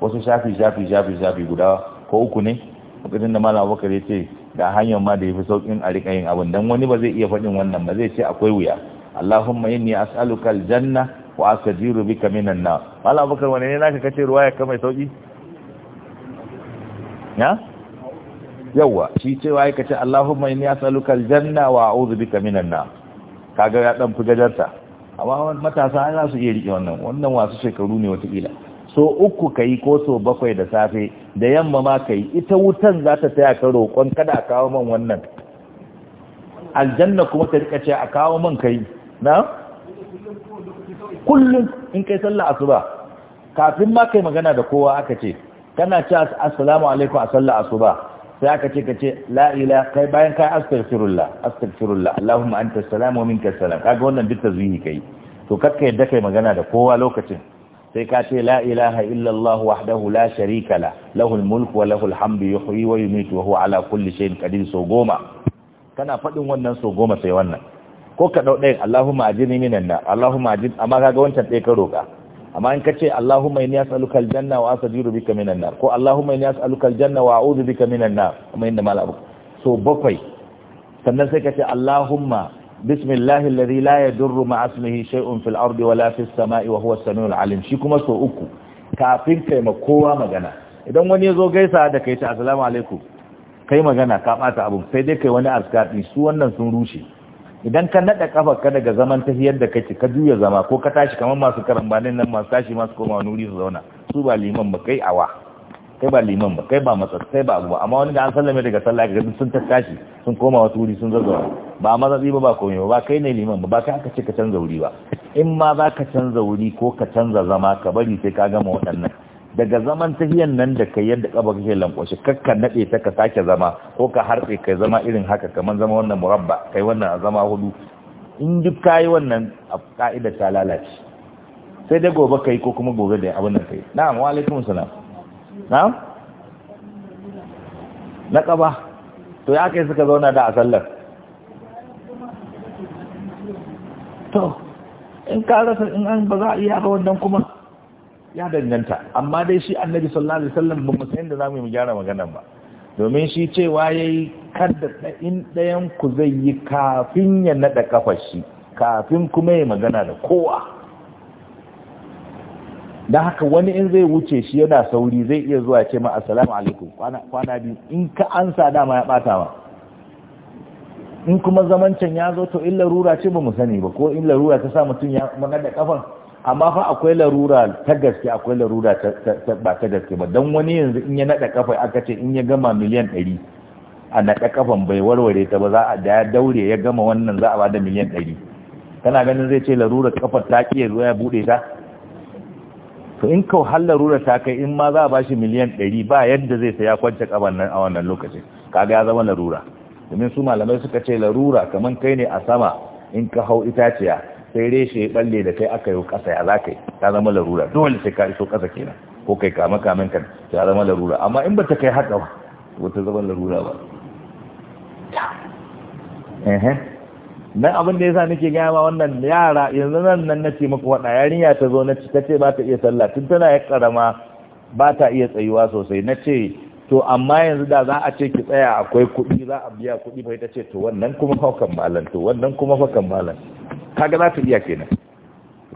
wasu shafi shafi shafi shafi guda ko uku ne lokacin da malam abubakar ya ce da hanyar ma da ya fi saukin a riƙa yin abin don wani ba zai iya faɗin wannan ba zai ce akwai wuya Allahumma inni as'aluka aljanna wa astajiru bika minan nar Malam Abubakar wane ne naka kace ruwaya kai mai sauki ya yawa shi cewa yake ce Allahumma inni as'aluka aljanna wa a'udhu bika minan nar kaga ya dan fi gajarta amma matasa an za su iya rike wannan wannan wasu shekaru ne wata kila so uku ka yi ko so bakwai da safe da yamma ma ka yi ita wutan za ta taya ka roƙon kada a kawo man wannan aljanna kuma ta rika ce a kawo man kai na kullum in kai sallah asuba kafin ma kai magana da kowa aka ce kana ce assalamu alaikum a sallah asuba sai aka ce ka ce la ila kai bayan kai astaghfirullah astaghfirullah allahumma anta salam wa minka salam kaga wannan duk tazwihi kai to kakka yadda kai magana da kowa lokacin sai ka ce la ilaha illallah wahdahu la sharika la lahul mulku wa lahul hamdu yuhyi wa yumiitu wa huwa ala kulli shay'in qadir so goma kana fadin wannan so goma sai wannan ko ka dau ɗayan Allahumma ajini minan nar Allahumma ajin amma kaga wancan ɗaya ka roka amma in kace Allahumma inni as'aluka aljanna wa astajiru bika minan nar ko Allahumma inni as'aluka aljanna wa a'udhu bika minan nar amma inda mala abu so bakwai sannan sai kace Allahumma bismillahi alladhi la yadurru ma ismihi shay'un fil ardi wala fis sama'i wa huwa as-sami'ul alim shi kuma so uku kafin kai ma kowa magana idan wani yazo gaisa da kai ta assalamu alaikum kai magana ka bata abu sai dai kai wani azkar su wannan sun rushe idan ka naɗa kafar ka daga zaman tafiyar da kake ka juya zama ko ka tashi kamar masu karambanin nan masu tashi masu koma nuri su zauna su ba liman ba kai awa kai ba liman ba kai ba matsatsi kai ba abuwa amma wani da an sallame daga sallah ga sun tashi sun koma wasu wuri sun zazzawa ba matsatsi ba ba komai ba kai ne liman ba ba kai aka ce ka canza wuri ba in ma za ka canza wuri ko ka canza zama ka bari sai ka gama waɗannan daga zaman tahiyan nan da kai yadda kaba kake lankwashe kakka nade ta ka sake zama ko ka harbe kai zama irin haka kaman zama wannan murabba kai wannan zama hudu in duk kayi wannan a ka'ida ta lalace sai dai gobe kai ko kuma gobe da abin nan kai na'am wa alaikum salam na'am na kaba to ya kai suka zauna da a sallar to in ka rasa in an ba za a iya ga wannan kuma ya danganta amma dai shi annabi sallallahu alaihi wasallam ba mu san da zamu yi mu gyara magana ba domin shi cewa yayi kada in dayan ku zai yi kafin ya nada kafar shi kafin kuma ya magana da kowa da haka wani in zai wuce shi yana sauri zai iya zuwa ce ma assalamu alaikum kwana kwana biyu in ka ansa dama ya bata ma in kuma zamancan ya zo to in larura ce ba mu sani ba ko in larura ta sa mutum ya magana da kafar amma fa akwai larura ta gaske akwai larura ba ta gaske ba don wani yanzu in ya naɗa kafa aka ce in ya gama miliyan ɗari a naɗa kafan bai warware ta ba za a da daure ya gama wannan za a ba da miliyan ɗari kana ganin zai ce larura kafar ta ƙi ya ya buɗe ta to in kau har larura ta kai in ma za a shi miliyan ɗari ba yadda zai saya kwance kafan nan a wannan lokacin kaga ya zama larura domin su malamai suka ce larura kamar kai ne a sama in ka hau itaciya sai reshe ya balle da kai aka yi ƙasa ya za ka yi ta zama larura dole sai ka iso kasa kenan ko kai kama kamen kan ta zama larura amma in ba ta kai haka ba wata zama larura ba Na abin da yasa nake gaya ma wannan yara yanzu nan nan ce muku wada yarinya ta zo na ta ce ba ta iya sallah tun tana ya karama ba ta iya tsayuwa sosai na ce. to amma yanzu da za a ce ki tsaya akwai kuɗi za a biya kuɗi bai ta ce to wannan kuma haukan malam to wannan kuma haukan malam kaga za ta iya kenan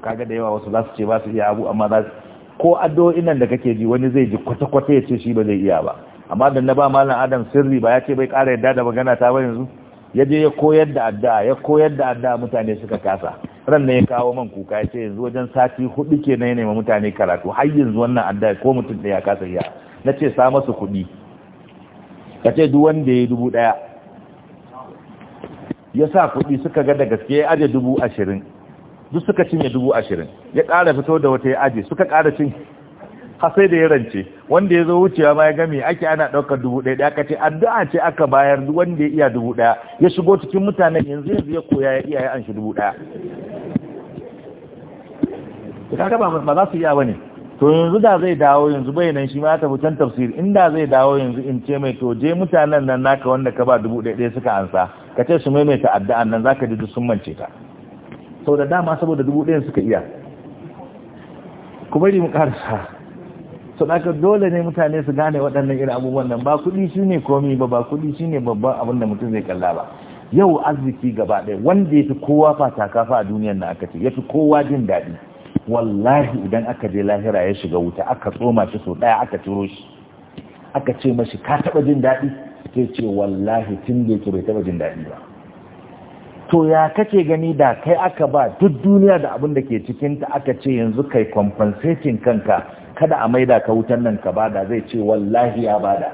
kaga da yawa wasu za su ce ba su iya abu amma za su ko addu'o'in nan da kake ji wani zai ji kwata-kwata ya ce shi ba zai iya ba amma da na ba malam adam sirri ba ya ce bai ƙara yadda da magana ta ba yanzu ya je ya koyar da addu'a ya koyar da addu'a mutane suka kasa ran ne ya kawo man kuka ya ce yanzu wajen sati hudu kenan ya ma mutane karatu har yanzu wannan addu'a ko mutum ɗaya ya kasa iya na ce sa masu kuɗi ka ce duk wanda ya yi dubu ɗaya ya sa kuɗi suka ga da gaske ya aje dubu ashirin duk suka cinye dubu ashirin ya ƙara fito da wata ya aje suka kara cin hasai da ya rance wanda ya zo wucewa ma ya gami ake ana ɗaukar dubu ɗaya ɗaya kace addu'a ce aka bayar wanda ya iya dubu ɗaya ya shigo cikin mutanen yanzu yanzu ya koya ya iya ya an shi dubu daya Ka ba za su iya ba ne. to yanzu da zai dawo yanzu bai nan shi ma ta fitan tafsir inda zai dawo yanzu in ce mai to je mutanen nan naka wanda ka ba dubu ɗaya ɗaya suka ansa ka ce su maimaita addu'an nan zaka ji duk sun mance ta sau da dama saboda dubu ɗayan suka iya ku bari mu ƙarsa sau naka dole ne mutane su gane waɗannan irin abubuwan nan ba kuɗi shi ne komi ba ba kuɗi shi ne babban abin da mutum zai kalla ba yau arziki gaba ɗaya wanda ya fi kowa taka-fa a duniyar na aka ce ya fi kowa jin daɗi wallahi idan aka je lahira ya shiga wuta aka tsoma shi sau ɗaya aka turo shi aka ce mashi ka taba jin daɗi sai ce wallahi tun da yake bai taba jin daɗi ba to ya kake gani da kai aka ba duk duniya da abin da ke cikinta aka ce yanzu kai compensating kanka kada a maida ka wutan nan ka bada zai ce wallahi ya bada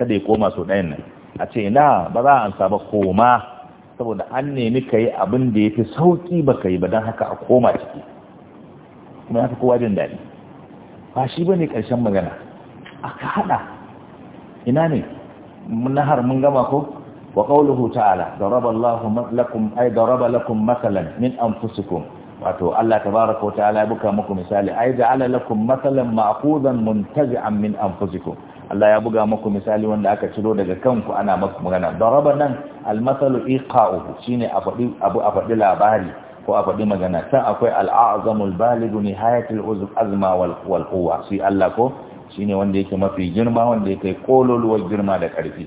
kada ya koma sau ɗayan nan a ce na ba za a ansa ba koma saboda an nemi ka yi abin da ya fi sauƙi ba ka yi ba don haka a koma ciki kuma fi kowa jin daɗi ba shi ba ne ƙarshen magana aka haɗa ina ne nahar mun gama ko wa qawluhu ta'ala daraba raba lakum ay daraba lakum masalan min anfusikum wato Allah tabaaraka wa ta'ala buka muku misali ay ja'ala lakum masalan ma'qudan muntazi'an min anfusikum Allah ya buga muku misali wanda aka ciro daga kanku ana muku magana raba nan almasalu masalu iqa'uhu shine a abu a faɗi labari ko a faɗi magana can akwai al'azamul baligu nihayatul azma wal quwwa sai Allah ko ne wanda yake mafi girma wanda kai kololuwar girma da ƙarfi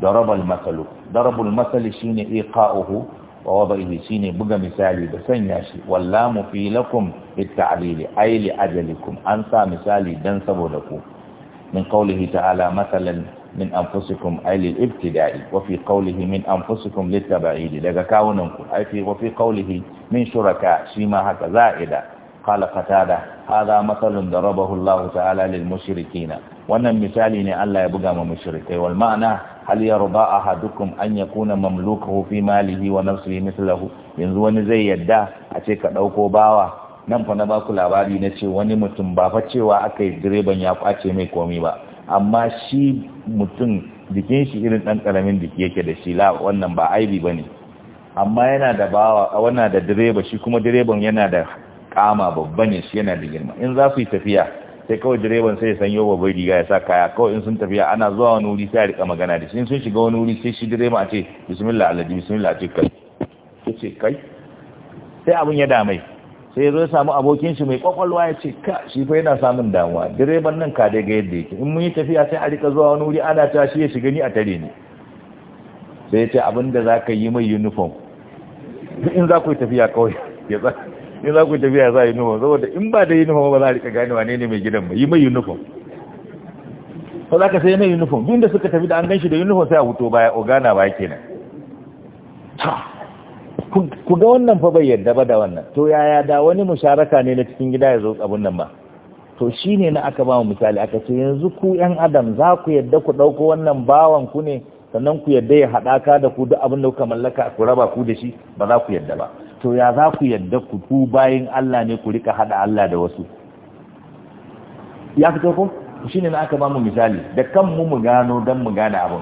darabal masalu darabul masali shine iqa'uhu wa shi shine buga misali da sanya shi walla fi lakum bitta'lili ay li ajalikum an sa misali dan saboda ku min qawlihi ta'ala masalan min anfusikum ay lil ibtida'i wa fi qawlihi min anfusikum litab'id daga kawunanku ay fi wa fi qawlihi min shuraka shi ma haka za'ida qala qatada hadha masalun darabahu Allah ta'ala lil mushrikeena wannan misali ne Allah ya buga ma mushrikai wal ma'ana hal yarda ahadukum an yakuna mamlukuhu fi malihi wa nafsihi mithluhu yanzu wani zai yadda a ce ka dauko bawa nan fa na ba baku labari na ce wani mutum ba fa cewa aka direban ya kwace mai komai ba amma shi mutum jikin shi irin ɗan karamin diki yake da shi la wannan ba aibi bane amma yana da bawa wannan da direba shi kuma direban yana da kama babban shi yana da girma in za su yi tafiya sai kawai direban sai ya sanyo babbar riga ya sa kaya kawai in sun tafiya ana zuwa wani wuri sai a rika magana da shi in sun shiga wani wuri sai shi direba a ce bismillah alhaji bismillah a ce kai ce kai sai abin ya damai sai ya zo ya samu abokin shi mai kwakwalwa ya ce ka shi fa yana samun damuwa direban nan ka dai ga yadda yake in mun yi tafiya sai a rika zuwa wani wuri ana ta shi ya shiga ni a tare ni sai ya ce abin da za ka yi mai uniform in za ku yi tafiya kawai ya in za ku yi tafiya za a yi nufa saboda in ba da yi nufa ba za a rika gane wane ne mai gidan mai yi mai yi ko za ka sai mai yi duk da suka tafi da an gan shi da yi sai a huto baya ogana ba kenan ku ga wannan fa bai yadda ba da wannan to yaya da wani musharaka ne na cikin gida ya zo abun nan ba to shine na aka ba mu misali aka ce yanzu ku yan adam za ku yadda ku ɗauko wannan bawan ku ne sannan ku yadda ya haɗaka da ku duk abin da kuka mallaka ku raba ku da shi ba za ku yadda ba to ya za ku yadda ku ku bayin Allah ne ku rika haɗa Allah da wasu ya fito ko shi ne na aka bamu misali da kan mu mu gano don mu gane abin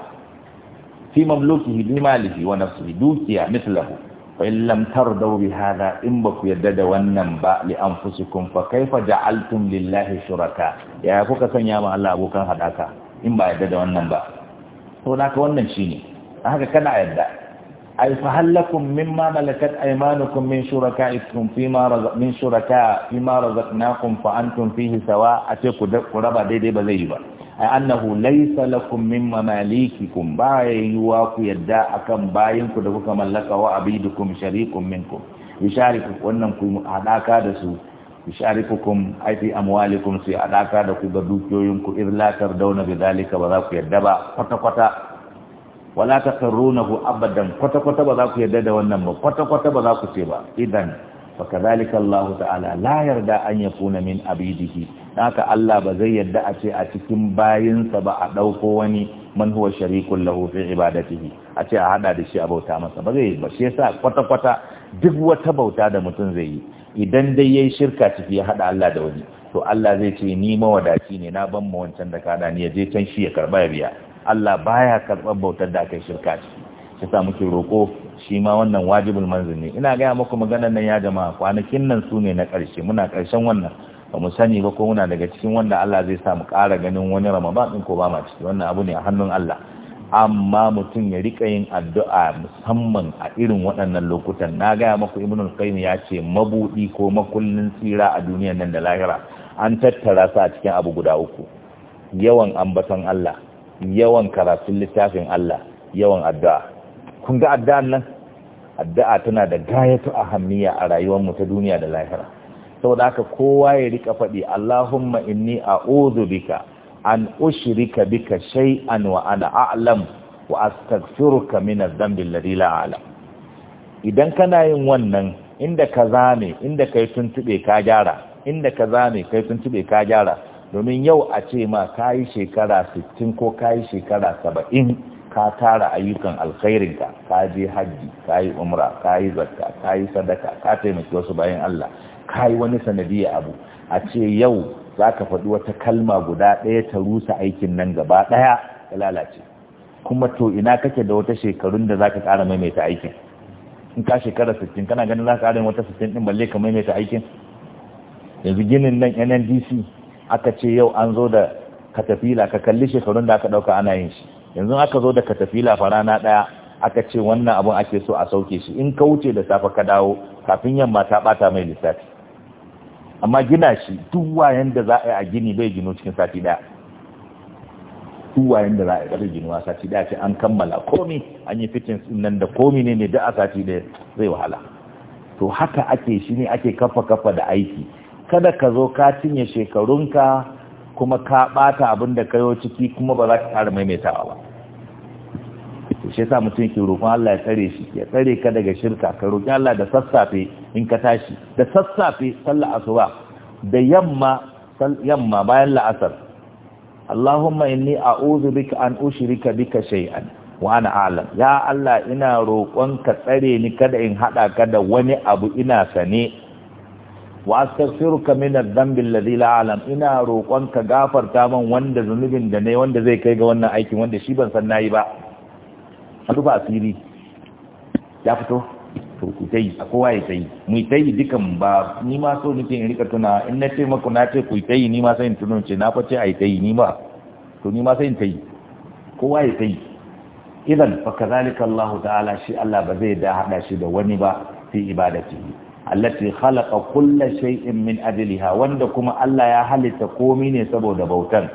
fi mamlukihi bi malihi wa nafsihi dukiya mislahu fa in lam tardaw bi hada in ba ku yadda da wannan ba li anfusikum fa kaifa ja'altum lillahi shuraka ya kuka sanya ma Allah abokan hadaka in ba yadda da wannan ba to naka wannan shine haka kana yadda ay fa halakum mimma malakat aymanukum min shuraka'ikum fima razaq min shuraka fima razaqnakum fa antum fihi sawa ace ku raba daidai ba zai yi ba ay annahu laysa lakum min mamalikikum ba yiwa ku yadda akan bayin ku da kuka mallaka wa abidukum sharikum minkum yushariku wannan ku hadaka da su yusharikukum ai fi amwalikum sai ɗaka da ku ga dukiyoyinku idh la tardawna bidhalika ba za ku yadda ba kwata kwata wala tasarrunahu abadan kwata kwata ba za ku yadda da wannan ba kwata kwata ba za ku ce ba idan fa kadhalika Allah ta'ala la yarda an yakuna min abidihi haka Allah ba zai yadda a ce a cikin bayinsa ba a ɗauko wani manhuwar huwa sharikun lahu fi ibadatihi a ce a haɗa da shi a bauta masa ba zai ba shi yasa kwata kwata duk wata bauta da mutum zai yi idan dai yayi shirka ciki ya haɗa Allah da wani to Allah zai ce ni mawadaci ne na ban mu wancan da kada ni ya je can shi ya karba ya biya Allah baya karban bautar da aka shirka ciki shi sa muke roko shi ma wannan wajibul manzil ne ina gaya muku maganar nan ya jama'a kwanakin nan su ne na ƙarshe muna ƙarshen wannan ba mu sani ba ko muna daga cikin wanda Allah zai sa mu ƙara ganin wani Ramadan din ko ba ma ciki wannan abu ne a hannun Allah amma mutum ya rika yin addu'a musamman a irin waɗannan lokutan na gaya maku ibn al ya ce mabuɗi ko makullin tsira a duniyar nan da lahira an tattara su a cikin abu guda uku yawan ambaton Allah yawan karatun littafin Allah yawan addu'a kun ga addu'an nan addu'a tana da gayatu ahammiya a rayuwar mu ta duniya da lahira saboda haka kowa ya rika faɗi Allahumma inni a'udhu bika an ushrika bika shay'an wa ana a'lam wa astaghfiruka min adh-dhanbi alladhi la a'lam idan kana yin wannan inda ka zame inda kai tube ka gyara inda ka zame kai tuntube ka gyara domin yau a ce ma kayi shekara 60 ko kayi shekara 70 ka tara ayyukan alkhairin ka ka je haji yi umra kayi zakka yi sadaka ka taimaki wasu bayan Allah ka yi wani sanadiyya abu a ce yau za ka faɗi wata kalma guda ɗaya ta rusa aikin nan gaba ɗaya ya lalace kuma to ina kake da wata shekarun da za ka ƙara maimaita aikin in ka shekara 60 kana ganin za ka ƙara wata 60 ɗin balle ka maimaita aikin yanzu ginin nan nndc aka ce yau an zo da katafila ka kalli shekarun da aka ɗauka ana yin shi yanzu aka zo da katafila fa rana ɗaya aka ce wannan abun ake so a sauke shi in ka wuce da safe ka dawo kafin yamma ta ɓata mai lissafi amma gina shi duk wayan da za a yi a gini bai gino cikin sati daya duk wayan da za a yi bai gini a sati daya ce an kammala komi an yi fitin nan da komi ne ne duk a sati daya zai wahala to haka ake shi ne ake kafa kafa da aiki kada ka zo ka cinye shekarunka kuma ka bata abin da kayo ciki kuma ba za ka tsara maimaitawa ba to shi yasa mutum yake roƙon Allah ya tsare shi ya tsare ka daga shirka ka roƙi Allah da sassafe in ka tashi da sassafe sallar asuba da yamma yamma bayan la'asar Allahumma inni a'udhu bika an ushrika bika shay'an wa ana a'lam ya Allah ina roƙon ka tsare ni kada in hada ka da wani abu ina sane wa astaghfiruka min adh-dhanbi alladhi la a'lam ina roƙonka gafarta man wanda zunubin da ne wanda zai kai ga wannan aikin wanda shi ban san nayi ba a rufa asiri ya fito to ku yi a kowa ya ta yi mu ta yi dukan ba ni ma so ni in rika tuna in na ce maku na ce ku ta yi ni ma sai in tuno ce na fice a yi ta yi ni ma to ni ma sai in ta yi kowa ya ta yi idan fa kazalika Allah ta'ala shi Allah ba zai da hada shi da wani ba fi ibadatihi allati khalaqa kulla shay'in min ajliha wanda kuma Allah ya halitta komai ne saboda bautan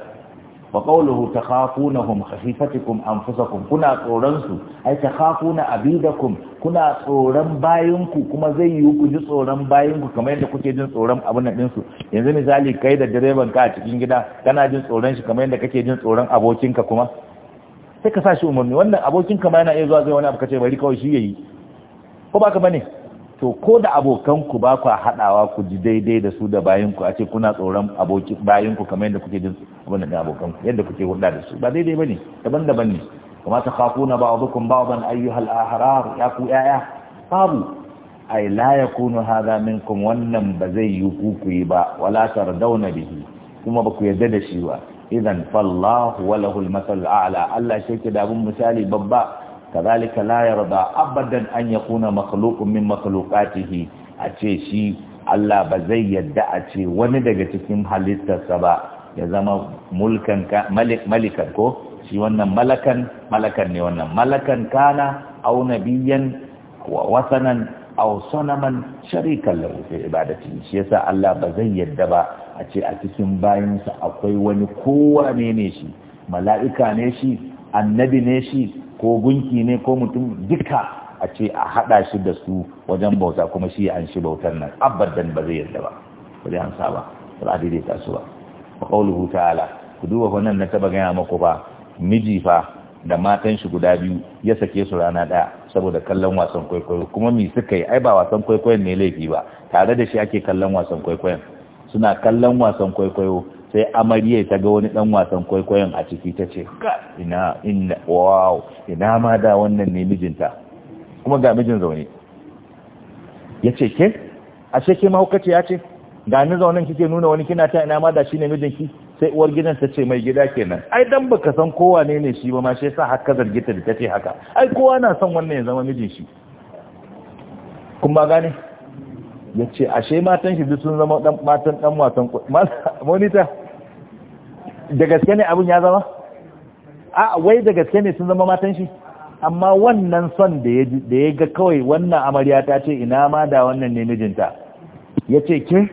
wa qawluhu takhafunahum khafifatukum anfusakum kuna tsoran su ai takhafuna abidakum kuna tsoron bayanku kuma zai yi ku ji tsoron bayanku kamar yadda kuke jin tsoron abun nan su yanzu misali kai da direban ka a cikin gida kana jin tsoron shi kamar yadda kake jin tsoron abokinka kuma sai ka sa shi umarni wannan abokinka ma yana iya zuwa zai wani abu kace bari kawai shi yayi ko baka bane to ko da abokanku ba ku haɗawa ku ji daidai da su da bayanku a ce kuna tsoron abokin bayanku kamar yadda kuke jin abin da abokanku yadda kuke hulɗa da su ba daidai ba ne daban-daban ne kuma ta kafu na ba'adukun ba'adan ayyuhal ahrar ya ku yaya babu ai la yakunu hadha minkum wannan ba zai yi ku ku yi ba wala tardauna bihi kuma ba ku yarda da shi ba idan fallahu wa lahul masal a'la Allah shi ke da abun misali babba kazalika la yarda abadan an yakuna makhluqun min makhluqatihi a ce shi Allah ba zai yadda a ce wani daga cikin halittarsa ba ya zama mulkan malikan ko shi wannan malakan malakan ne wannan malakan kana aw nabiyyan wa wasanan aw sanaman sharikan lahu fi ibadati shi yasa Allah ba zai yadda ba a ce a cikin bayinsa akwai wani kowa ne ne shi mala'ika ne shi annabi ne shi ko gunki ne ko mutum duka a ce a haɗa shi da su wajen bauta kuma shi an shi bautar nan abadan ba zai yarda ba ba zai an saba ba za a ta su ba wa qawluhu ta'ala ku duba wannan na taba gaya maku ba miji fa da matan shi guda biyu ya sake su rana ɗaya saboda kallon wasan kwaikwayo kuma mi suka yi ai ba wasan kwaikwayon ne laifi ba tare da shi ake kallon wasan kwaikwayon suna kallon wasan kwaikwayo sai amarya ta ga wani dan wasan kwaikwayon a ciki ta ce ina ina wow ina ma da wannan ne mijinta kuma ga mijin zaune ya ce ke ashe ke mahaukaci ya ce ga ni zaunen kike nuna wani kina ta ina ma da shi ne mijinki sai uwar gidan ta ce mai gida kenan ai dan baka san kowa ne ne shi ba ma shi yasa haka zargi ta da tace haka ai kowa na son wannan ya zama mijin shi kun ba gane ce ashe matan shi duk sun zama matan dan wasan monita da gaske ne abin ya zama a wai da gaske ne sun zama matan shi amma wannan son da ya ga kawai wannan amarya ta ce ina ma da wannan ne mijinta ya ce ke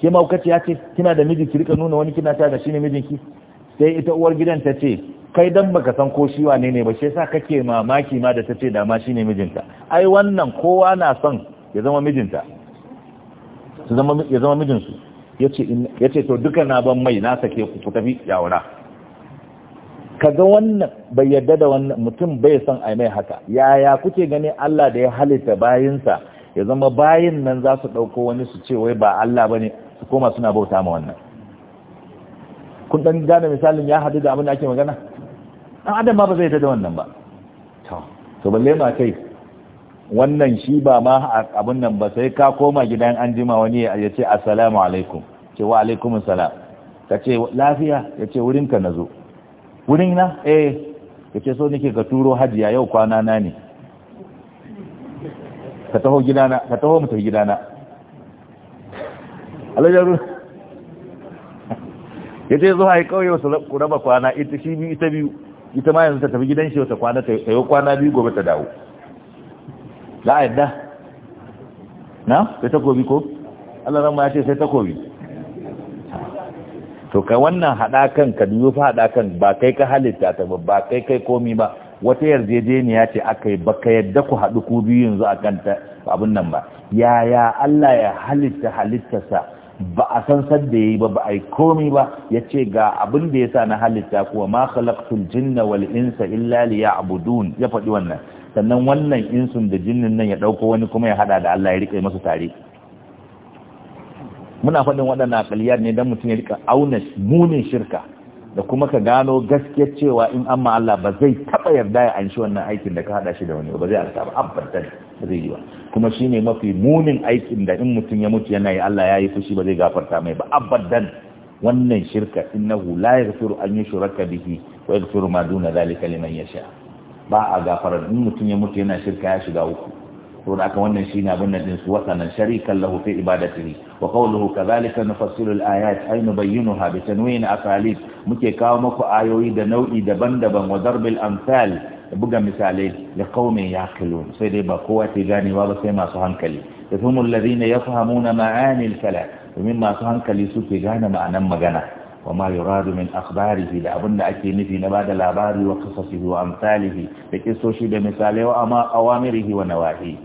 ke maukaci ya ce kina da miji ki rika nuna wani kina ta da shi ne mijinki sai ita uwar gidan ta ce kai dan baka san ko shi wane ne ba shi yasa kake mamaki ma da ta ce da ma shi ne mijinta ai wannan kowa na son ya zama mijinta su ya zama mijinsu ya ce to duka na ban mai na sake ku ku tafi yawara kaga wannan bai yarda da wannan mutum bai son a mai haka yaya kuke gani Allah da ya halitta bayinsa ya zama bayin nan za su ɗauko wani su ce wai ba Allah ba ne su koma suna bauta ma wannan kun ɗan gane misalin ya haɗu da abin da ake magana ɗan adam ba zai yarda da wannan ba to balle ma kai wannan shi ba ma abin nan ba sai ka koma gidan an jima wani ya ce assalamu alaikum ce wa alaikum salam ka ce lafiya ya ce wurinka na zo wurin na eh ya ce so nike ka turo hajiya yau kwana na ne ka taho gidana ka taho mu gidana alajaru ya ce zuwa ya kawai wasu raba kwana ita shi biyu ita biyu ita ma yanzu ta tafi gidan shi wata kwana ta yi kwana biyu gobe ta dawo za a yadda na sai takobi ko Allah ran ya ce sai takobi to ka wannan haɗakan ka dubi fa haɗakan ba kai ka halitta ta ba ba kai kai komi ba wata yarjejeniya ce aka yi ba ka yadda ku haɗu ku biyu yanzu a kan abin nan ba yaya Allah ya halitta halittarsa ba a san sadda yayi ba ba a yi komi ba ya ce ga abin da ya sa na halitta kuwa ma khalaqtul jinna wal insa illa liya'budun ya faɗi wannan sannan wannan insun da jinnin nan ya ɗauko wani kuma ya haɗa da Allah ya riƙe masu tare muna faɗin waɗannan aƙaliyar ne don mutum ya riƙa auna munin shirka da kuma ka gano gaskiyar cewa in amma Allah ba zai taɓa yarda ya anshi wannan aikin da ka haɗa shi da wani ba zai alta ba abbatan ba zai yi ba kuma shi ne mafi munin aikin da in mutum ya mutu yana yi Allah ya yi fushi ba zai gafarta mai ba abadan wannan shirka innahu la yaghfiru an yushraka bihi wa yaghfiru ma duna dhalika liman yasha ba a gafara in mutum ya mutu yana shirka ya shiga uku to da aka wannan shine abin da din su wasanan sharikan lahu fi ibadatihi wa qawluhu kadhalika nufassilu alayat ay nubayyinuha bi tanwin aqalib muke kawo muku ayoyi da nau'i daban-daban wa darbil amsal buga misalai li qaumin yaqilun sai dai ba kowa ke ganewa ba sai masu hankali da tumun lalina ya fahimu na ma'anil kala domin masu hankali suke gane ma'anan magana Wama ma yuradu min akhbarihi da abinda ake nufi na bada labari wa qisasihi wa amsalihi da kisoshi da misalai wa ama awamirihi wa nawahihi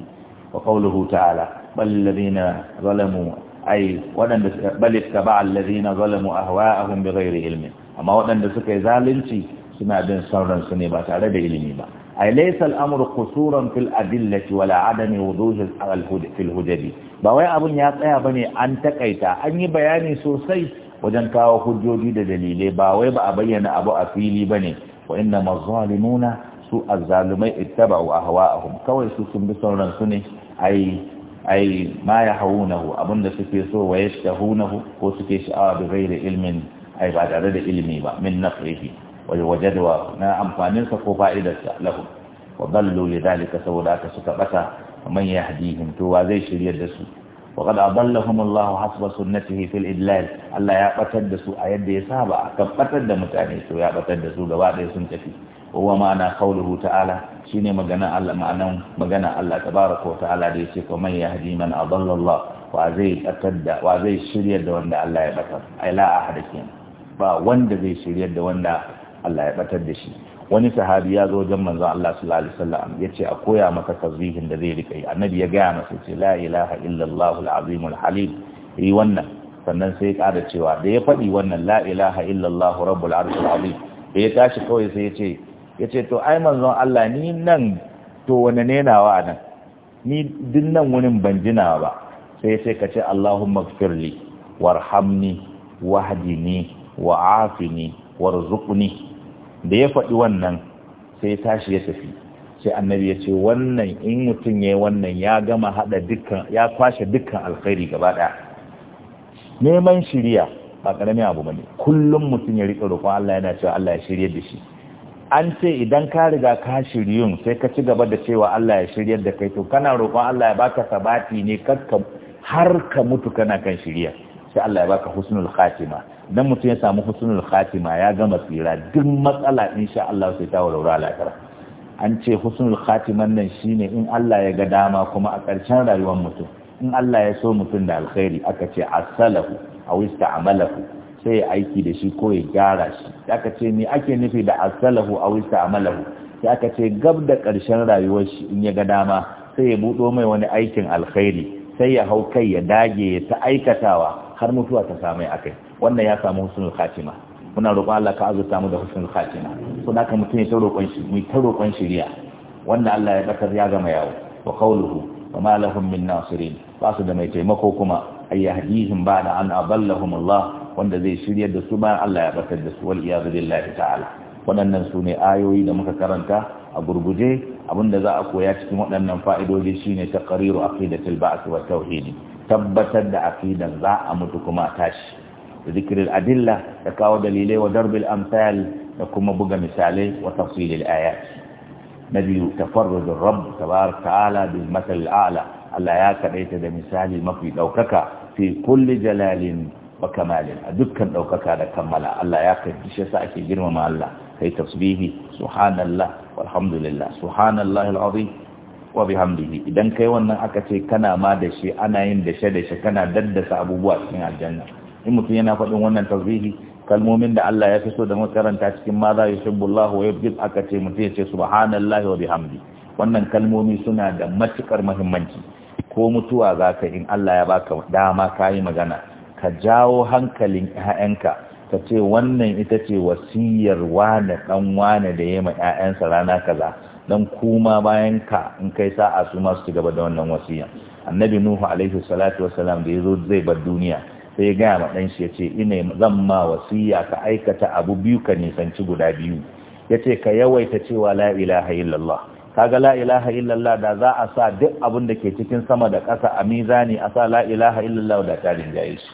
wa qawluhu ta'ala bal ladina zalamu ay wadanda bal ittaba alladhina zalamu ahwa'ahum bighairi ilmin amma wadanda suka yi zalunci suna bin sauran su ne ba tare da ilimi ba ay laysa al-amru qusuran fil adillati wala adami wuduh al-hujjati fil ba wai abun ya tsaya bane an takaita an yi bayani sosai wajen kawo hujjoji da dalilai ba wai ba a bayyana abu a fili bane wa inna mazalimuna su azzalumai ittaba'u ahwa'ahum kawai su sun bi son ransu ne ai ai ma yahawunahu abinda suke so wa nahu ko suke sha'awa bi da ilmin ai ba tare da ilimi ba min nafrihi wa wajadwa na amfanin ko fa'idarsa lahu wa dallu lidhalika saboda suka bata man yahdihim to wa zai shirya da su وقد أضلهم الله حسب سنته في الإدلال الله يا قتد سوء يد يسابع كم قتد متعني سوء يا قتد سوء لوعد يسنتفي وهو معنى قوله تعالى شيني مجنى الله معنى مجنى الله تبارك وتعالى ديسك ومن يهدي من أضل الله وعزي قتد وعزي الشرية دوان الله يبتر أي لا أحد كين با وند زي الشرية دوان الله يبتر دشي wani sahabi ya zo wajen manzon Allah sallallahu alaihi wasallam yace a koya maka tasbihin da zai rika yi annabi ya gaya masa yace la ilaha illallah al-azim al-halim yi wannan sannan sai ya ƙara cewa da ya faɗi wannan la ilaha illallah rabbul arshil azim da ya tashi kawai sai yace yace to ai manzon Allah ni nan to wani ne nawa nan ni duk nan wurin ban jina ba sai sai ka ce Allahumma gfirli warhamni wahdini wa'afini warzuqni da ya faɗi wannan sai tashi ya tafi sai annabi ya ce wannan in mutum ya wannan ya gama haɗa dukkan ya kwashe dukkan alkhairi gaba ɗaya neman shirya ba ƙaramin abu bane kullum mutum ya riƙa roƙon Allah yana cewa Allah ya shiryar da shi an ce idan ka riga ka shiryun sai ka ci gaba da cewa Allah ya shiryar da kai to kana roƙon Allah ya baka sabati ne kakka har ka mutu kana kan shiryar sai Allah ya baka husnul khatima dan mutum ya samu husnul khatima ya gama tsira duk matsala insha Allah sai ta warware lafiyar an ce husnul khatiman nan shine in Allah ya ga dama kuma a ƙarshen rayuwar mutum in Allah ya so mutum da alkhairi aka ce asalahu aw ista'malahu sai ya aiki da shi ko ya gyara shi aka ce ni ake nufi da asalahu aw ista'malahu sai aka ce gab da karshen rayuwar shi in ya ga dama sai ya buɗo mai wani aikin alkhairi sai ya hau kai ya dage ya ta aikatawa har mutuwa ta samu akai wannan ya samu husnul khatima muna roƙon Allah ka azurta mu da husnul khatima so da ka ta roƙon shi mu ta roƙon shiriya Wannan Allah ya bakar ya gama yawo wa qawluhu wa ma lahum min nasirin ba su da mai taimako kuma ay yahdihim ba'da an adallahum Allah wanda zai shiryar da su bayan Allah ya bakar da su wal iyadu billahi ta'ala waɗannan su ne ayoyi da muka karanta a gurguje abinda za a koya cikin waɗannan fa'idoji shine taqriru aqidatil ba'th wa tauhidi tabbatar da aqidan za a mutu kuma a tashi zikirin adilla da kawo dalilai wa darbil amsal da kuma buga misalai wa tafsilil ayat na biyu tafarrudur rabb tabaraka ta'ala bil masal a'la Allah ya kadaita da misali mafi daukaka fi kulli jalalin wa kamalin a dukkan daukaka da kammala Allah ya kaddi shi sa ake girmama Allah kai tasbihi subhanallah walhamdulillah subhanallahi alazim wa bihamdihi idan kai wannan aka ce kana ma da shi ana yin da shi da shi kana daddasa abubuwa cikin aljanna in mutum yana faɗin wannan tasbihi kalmomin da Allah ya fi so da makaranta cikin ma za ya shubbu wa aka ce mutum ya ce subhanallahi wa bihamdi wannan kalmomi suna da matukar muhimmanci ko mutuwa za zaka in Allah ya baka dama kayi magana ka jawo hankalin ƴaƴanka ka ce wannan ita ce wasiyar wane ɗan wane da ya ma ƴaƴansa rana kaza dan kuma bayan ka in kai sa'a su ma su ci gaba da wannan wasiya annabi nuhu alaihi salatu wassalam da yazo zai bar duniya sai ya gaya ma dan shi yace ina zan ma wasiya ka aikata abu biyu ka nisanci guda biyu yace ka yawaita cewa la ilaha illallah kaga la ilaha illallah da za a sa duk abin da ke cikin sama da ƙasa a mizani a sa la ilaha illallah da ta rinjaye shi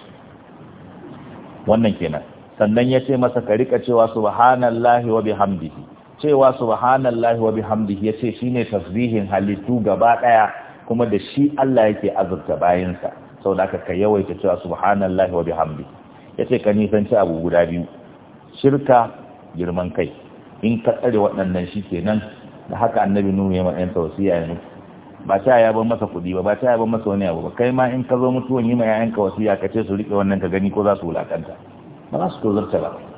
wannan kenan sannan yace masa ka rika cewa subhanallahi wa bihamdihi cewa subhanallahi wa bihamdihi yace shine tasbihin halittu gaba daya kuma da shi Allah yake azurta bayansa saboda ka yawaita cewa subhanallahi wa bihamdihi yace ka nisanci abu guda biyu shirka girman kai in ka tsare waɗannan kenan da haka annabi nuhu ya ma'an tawsiya ya ba ta ya ban masa kuɗi ba ba ta ya ban masa wani abu ba kai ma in ka zo mutuwan yi ma 'ya'yanka wasiya ka ce su riƙe wannan ka gani ko za su wulakanta ba za su tozarta ba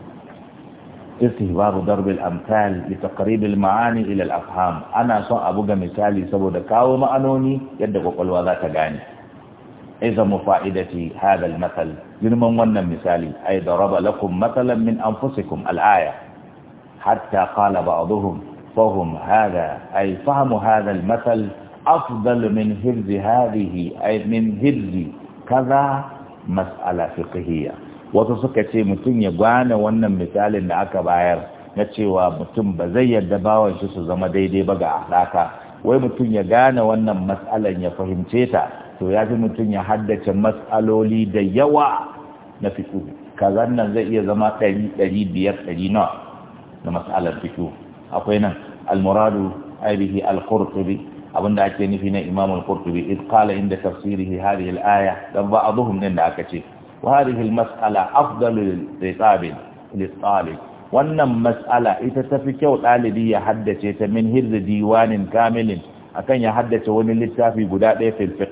استهبار ضرب الأمثال لتقريب المعاني إلى الأفهام أنا صنع أبوغا مثالي سبودا كاو مأنوني يدقو قل وذاك غاني إذا مفائدتي هذا المثل ينمون ونن مثالي أي ضرب لكم مثلا من أنفسكم الآية حتى قال بعضهم فهم هذا أي فهم هذا المثل أفضل من هرز هذه أي من هرز كذا مسألة فقهية wasu suka ce mutum ya gane wannan misalin da aka bayar na cewa mutum ba zai yarda bawan shi su zama daidai ba ga alaka wai mutum ya gane wannan matsalan ya fahimce ta to ya fi mutum ya haddace matsaloli da yawa na fito? kazan nan zai iya zama ɗari ɗari biyar ɗari nawa na matsalar fito? akwai nan almuradu ainihi alkurtubi abinda ake nufi na imam al-qurtubi iz qala inda tafsirihi hadhihi al-aya dan ba din da aka ce وهذه المسألة أفضل لطالب للطالب wannan mas'ala ita tafi kyau ɗalibi ya haddace ta min hirzi diwanin kamilin akan ya haddace wani littafi guda ɗaya fil da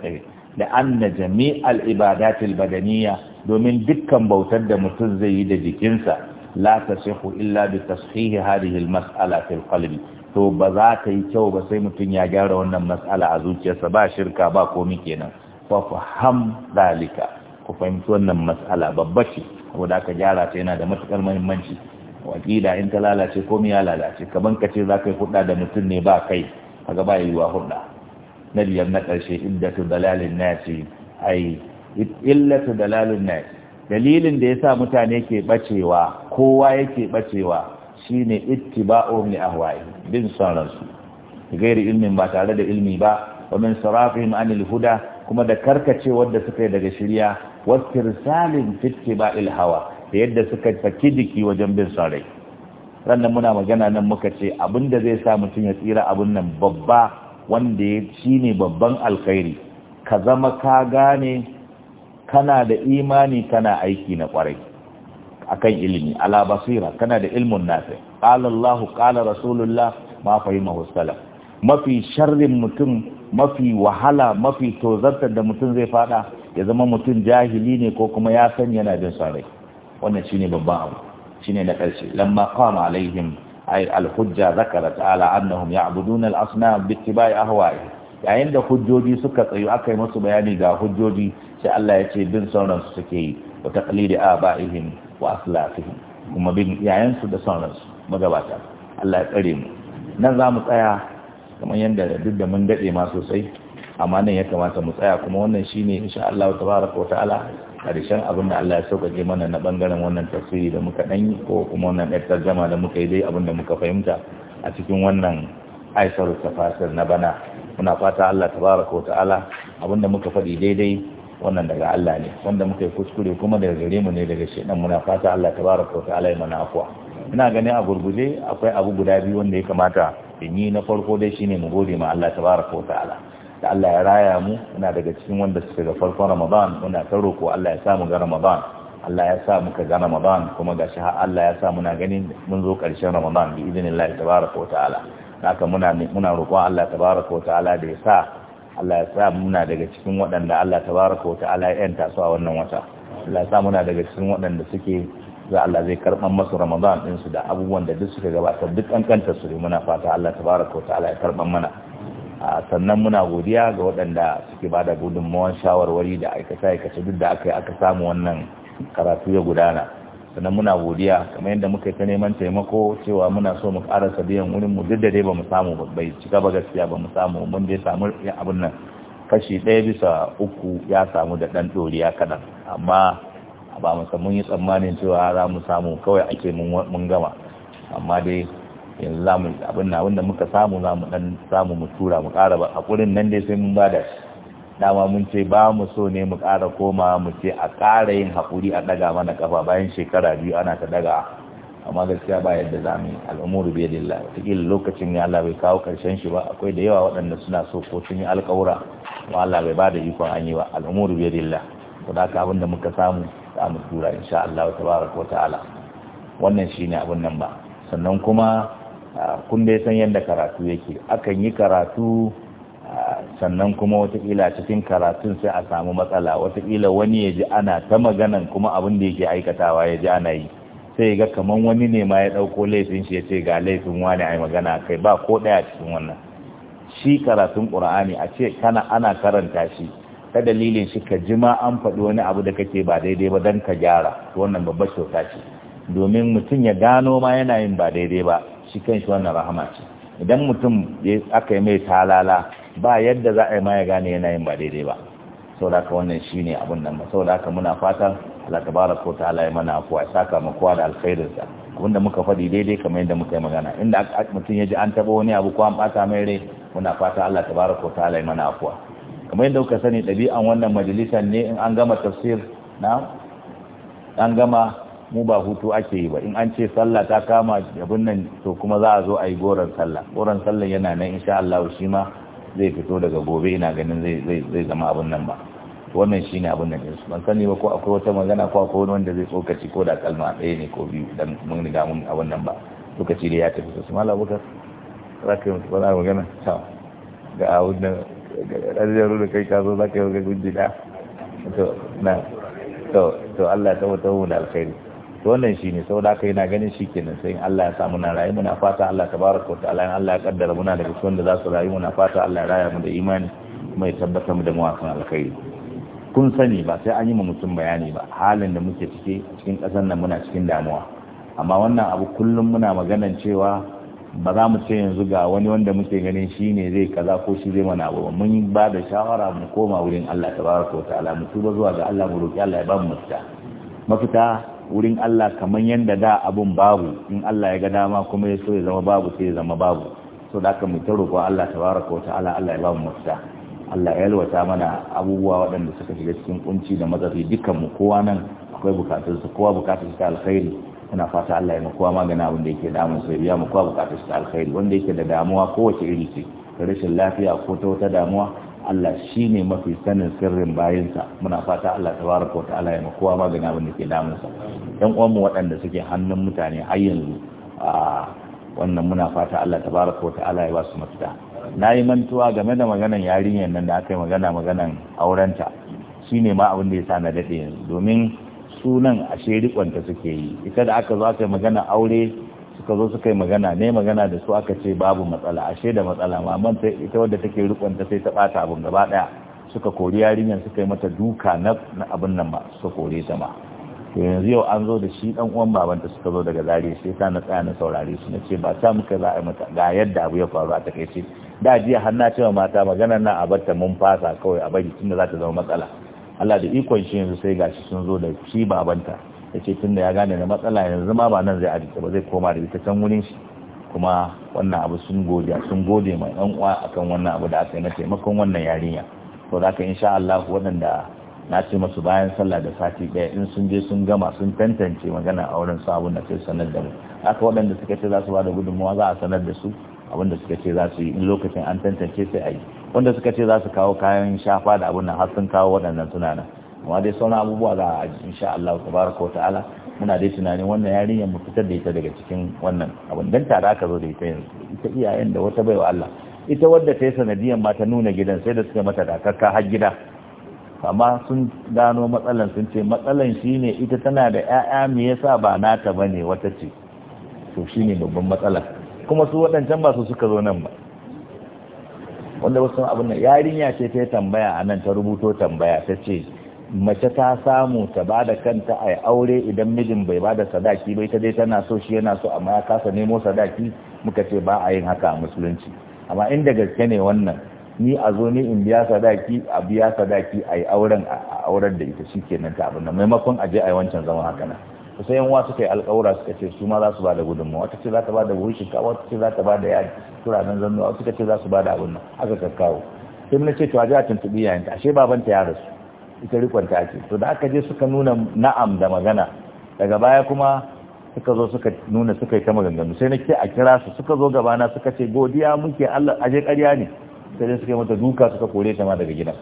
da anna jami'al ibadatil badaniya domin dukkan bautar da mutum zai yi da jikinsa la tasihu illa bi tashihi hadhihi al mas'ala filfalmi to ba za ta yi kyau ba sai mutum ya gyara wannan mas'ala a zuciyarsa ba shirka ba komi kenan fa faham dalika ku fahimci wannan matsala babba ce saboda aka gyara ta yana da matukar muhimmanci wakila in ta lalace ko mu ya lalace kaman ka ce za ka yi hudda da mutum ne ba kai ya yi yiwuwa hudda na biyar na ƙarshe su dalalin ce ai illa su dalalin nasi dalilin da yasa mutane ke bacewa kowa yake bacewa shine ittiba'uhum li ahwa'i bin sauransu. gairi ilmin ba tare da ilmi ba wa min sarafihim anil huda kuma da karkace wadda suka yi daga shirya wastirsalin fitke ba ilhawa da yadda suka saki jiki wajen bin son rai sannan muna magana nan muka ce abin da zai sa mutum ya tsira abin nan babba wanda ya shi ne babban alkhairi ka zama ka gane kana da imani kana aiki na kwarai akan ilimi ala basira kana da ilmun nafi qala allah qala rasulullah ma fahimahu salaf mafi sharrin mutum mafi wahala mafi tozartar da mutum zai fada ya zama mutum jahili ne ko kuma ya san yana jin sarai wannan shine babban abu shine na karshe lamma qama alaihim ay al-hujja zakara ta'ala annahum ya'buduna al-asnam bittiba'i ahwa'i yayin da hujjoji suka tsayu aka yi musu bayani ga hujjoji sai Allah ya ce bin sauran su suke yi wa taqlidi aba'ihim wa aslafihim kuma bin yayansu da sauran su magabata Allah ya tsare mu nan za mu tsaya kamar yadda duk da mun daɗe ma sosai amma nan ya kamata mu tsaya kuma wannan shi ne insha Allah tabaraka wa ta'ala karshen abin da Allah ya sauƙaƙe mana na bangaren wannan tasiri da muka yi ko kuma wannan ɗan jama da muka yi dai abin da muka fahimta a cikin wannan aisar tafasir na bana muna fata Allah tabaraka wa ta'ala abin da muka faɗi daidai wannan daga Allah ne wanda muka yi kuskure kuma daga gare mu ne daga shedan muna fata Allah tabaraka wa ta'ala ya mana afwa ina ganin a gurguje akwai abu guda biyu wanda ya kamata ni na farko dai shine mu gode ma Allah tabaraka wa ta'ala da Allah ya raya mu muna daga cikin wanda suke ga farkon Ramadan muna ta roko Allah ya sa mu ga Ramadan Allah ya sa muka ga Ramadan kuma gashi shi Allah ya sa muna ganin mun zo ƙarshen Ramadan bi idinillahi tabaraka wa ta'ala haka muna muna Allah tabaraka wa ta'ala da ya sa Allah ya sa muna daga cikin waɗanda Allah tabaraka wa ta'ala ya yanta su a wannan wata Allah ya sa muna daga cikin waɗanda suke za Allah zai karɓar masu Ramadan su da abubuwan da duk suka gabatar duk ƙanƙantar su ne muna fata Allah bara ko ta'ala ya karɓar mana sannan muna godiya ga waɗanda suke ba da gudunmawar shawarwari da aikace-aikace duk da aka yi aka samu wannan karatu ya gudana sannan muna godiya kamar yadda muka yi ta neman taimako cewa muna so mu ƙarasa biyan wurin mu duk da dai ba mu samu bai cika ba gaskiya ba mu samu mun dai samu abin nan kashi ɗaya bisa uku ya samu da ɗan ɗoriya kaɗan amma ba mu mun yi tsammanin cewa za mu samu kawai ake mun gama amma dai yanzu za mu abin na wanda muka samu za mu dan samu mu tura mu kara ba haƙurin nan dai sai mun bada da dama mun ce ba mu so ne mu kara koma mu ce a kara yin hakuri a daga mana kafa bayan shekara biyu ana ta daga amma gaskiya ba yadda za mu yi al'umuru bai lillah cikin lokacin ya Allah bai kawo karshen shi ba akwai da yawa waɗanda suna so ko sun yi alƙawura wa Allah bai ba da ikon an yi ba al'umuru biyar lillah ku da abinda muka samu za mu tura insha Allah tabaraka wa ta'ala wannan shine abun nan ba sannan kuma kun dai san yadda karatu yake akan yi karatu sannan kuma watakila cikin karatun sai a samu matsala watakila wani ya ji ana ta maganan kuma abin da yake aikatawa ya ji ana yi sai ga kaman wani ne ma ya ɗauko laifin shi ya ce ga laifin wani ai magana kai ba ko ɗaya cikin wannan shi karatun ƙur'ani a ce kana ana karanta shi ta dalilin shi ka jima an faɗi wani abu da kake ba daidai ba don ka gyara wannan babbar kyauta ce domin mutum ya gano ma yana yin ba daidai ba shi kan shi wannan rahama ce idan mutum aka yi mai talala ba yadda za a yi ma ya gane yana yin ba daidai ba sau da haka wannan shi ne abin nan ba sau da haka muna fatan Allah bara ko ta halaye mana afuwa ya saka kowa da alkhairinsa da muka faɗi daidai kamar yadda muka yi magana inda mutum ya ji an taɓa wani abu ko an ɓata mai rai muna fata Allah bara ko ta halaye mana afuwa kamar yadda kuka sani ɗabi'an wannan majalisar ne in an gama tafsir na an gama mu ba hutu ake yi ba in an ce sallah ta kama abin nan to kuma za a zo a yi goron sallah goron sallah yana nan sha Allah shi ma zai fito daga gobe ina ganin zai zai zama abin nan ba wannan shine abin nan din ban sani ba ko akwai wata magana ko akwai wanda zai tsokaci ko da kalma ɗaya ne ko biyu dan mun riga mun abin nan ba lokaci da ya tafi su mala bukar za ka yi magana ta ga wannan ɗarjar da kai ka za ka yi wajen gujina to na to to Allah ta wata mu da alkhairi to wannan shine aka yi yana ganin shi kenan sai Allah ya sa muna rayu muna fata Allah tabaraka wa ta'ala Allah ya kaddara muna daga cikin da za su rayu muna fata Allah ya raya mu da imani kuma ya mu da mawakan alkhairi kun sani ba sai an yi ma mutum bayani ba halin da muke cike cikin ƙasar nan muna cikin damuwa amma wannan abu kullum muna maganan cewa ba za mu ce yanzu ga wani wanda muke ganin shi ne zai kaza ko shi zai mana abu mun ba da shawara mu koma wurin Allah ta tabaraka ko ta'ala mu tuba zuwa ga Allah mu roki Allah ya ba mu mafita mafita wurin Allah kamar yanda da abun babu in Allah ya ga dama kuma ya so ya zama babu sai ya zama babu so da haka mu ta roƙo Allah ta tabaraka wa ala Allah ya ba mu mafita Allah ya yalwata mana abubuwa waɗanda suka shiga cikin kunci da matsafi dukkan mu kowa nan akwai bukatunsa kowa bukatunsa ta alkhairi muna fata Allah ya mu kowa magana wanda yake damun sai biya mu kowa bukatar su alkhairi wanda yake da damuwa kowace iri ce rashin lafiya ko ta wata damuwa Allah shi ne mafi sanin sirrin bayansa muna fata Allah tabaraka wa ta'ala ya mu kowa magana wanda yake damun sa ɗan uwan mu waɗanda suke hannun mutane har yanzu a wannan muna fata Allah tabaraka wa ta'ala ya ba su mafita yi mantuwa game da maganan yarinyar nan da aka yi magana maganan aurenta shi ne ma abin da ya sa na daɗe yanzu domin sunan ashe rikonta suke yi ita da aka zo aka yi magana aure suka zo suka yi magana ne magana da su aka ce babu matsala ashe da matsala maman ta ita wadda take rikonta sai ta bata abun gaba daya suka kori yarinyar suka yi mata duka na abin nan ba suka kore ta ma to yanzu yau an zo da shi dan uwan babanta suka zo daga zari sai ta na tsaya na saurare su na ce ba ta muka za a yi mata ga yadda abu ya faru a takaice da jiya har na ce mata magana na a bar mun fasa kawai a bari tunda za ta zama matsala Allah da ikon shi yanzu sai gashi sun zo da shi babanta ya ce tun da ya gane da matsala yanzu ma ba nan zai ajiye ba zai koma da ita can wurin shi kuma wannan abu sun gode sun gode ma yan uwa akan wannan abu da aka yi na taimakon wannan yarinya to za ka insha Allah waɗanda na ce masu bayan sallah da sati ɗaya in sun je sun gama sun tantance magana a wurin sabon na sai sanar da mu haka waɗanda suka ce za su ba da gudunmawa za a sanar da su da suka ce za su yi in lokacin an tantance sai a yi wanda suka ce za su kawo kayan shafa da abin nan har sun kawo waɗannan tunanin amma dai sauran abubuwa za a ji insha Allah tabaraka ta'ala muna dai tunanin wannan yarinyar mu fitar da ita daga cikin wannan abin dan tare aka zo da ita yanzu ita iyayen da wata baiwa Allah ita wadda ta yi sanadiyar ma ta nuna gidan sai da suka mata ka har gida amma sun gano matsalan sun ce matsalan shine ita tana da ƴaƴa me yasa ba nata bane wata ce to shine babban matsala kuma su waɗancan ba su suka zo nan ba wanda wasu abin da yarinya ce ta tambaya a nan ta rubuto tambaya ta ce mace ta samu ta ba da kanta a aure idan mijin bai ba da sadaki bai ta dai tana so shi yana so amma ya kasa nemo sadaki muka ce ba a yin haka a musulunci amma inda gaske ne wannan ni a zo ni in biya sadaki a biya sadaki a yi auren a auren da ita shi kenan ta abin nan maimakon a je a yi wancan zama haka nan sai yan wasu kai alƙawura suka ce su ma za su ba da gudunmu wata ce za ta ba da buhun shinkafa wata ce za ta ba da yari turanen zannuwa suka ce za su ba da abin nan aka kakkawo sai nace ce to a ji a tuntuɓi yayin ta ashe babanta ya rasu ita rikonta ake to da aka je suka nuna na'am da magana daga baya kuma suka zo suka nuna suka yi ta maganganu sai na ke a kira su suka zo gabana suka ce godiya muke Allah aje karya ne sai dai suka yi mata duka suka kore ta ma daga gidan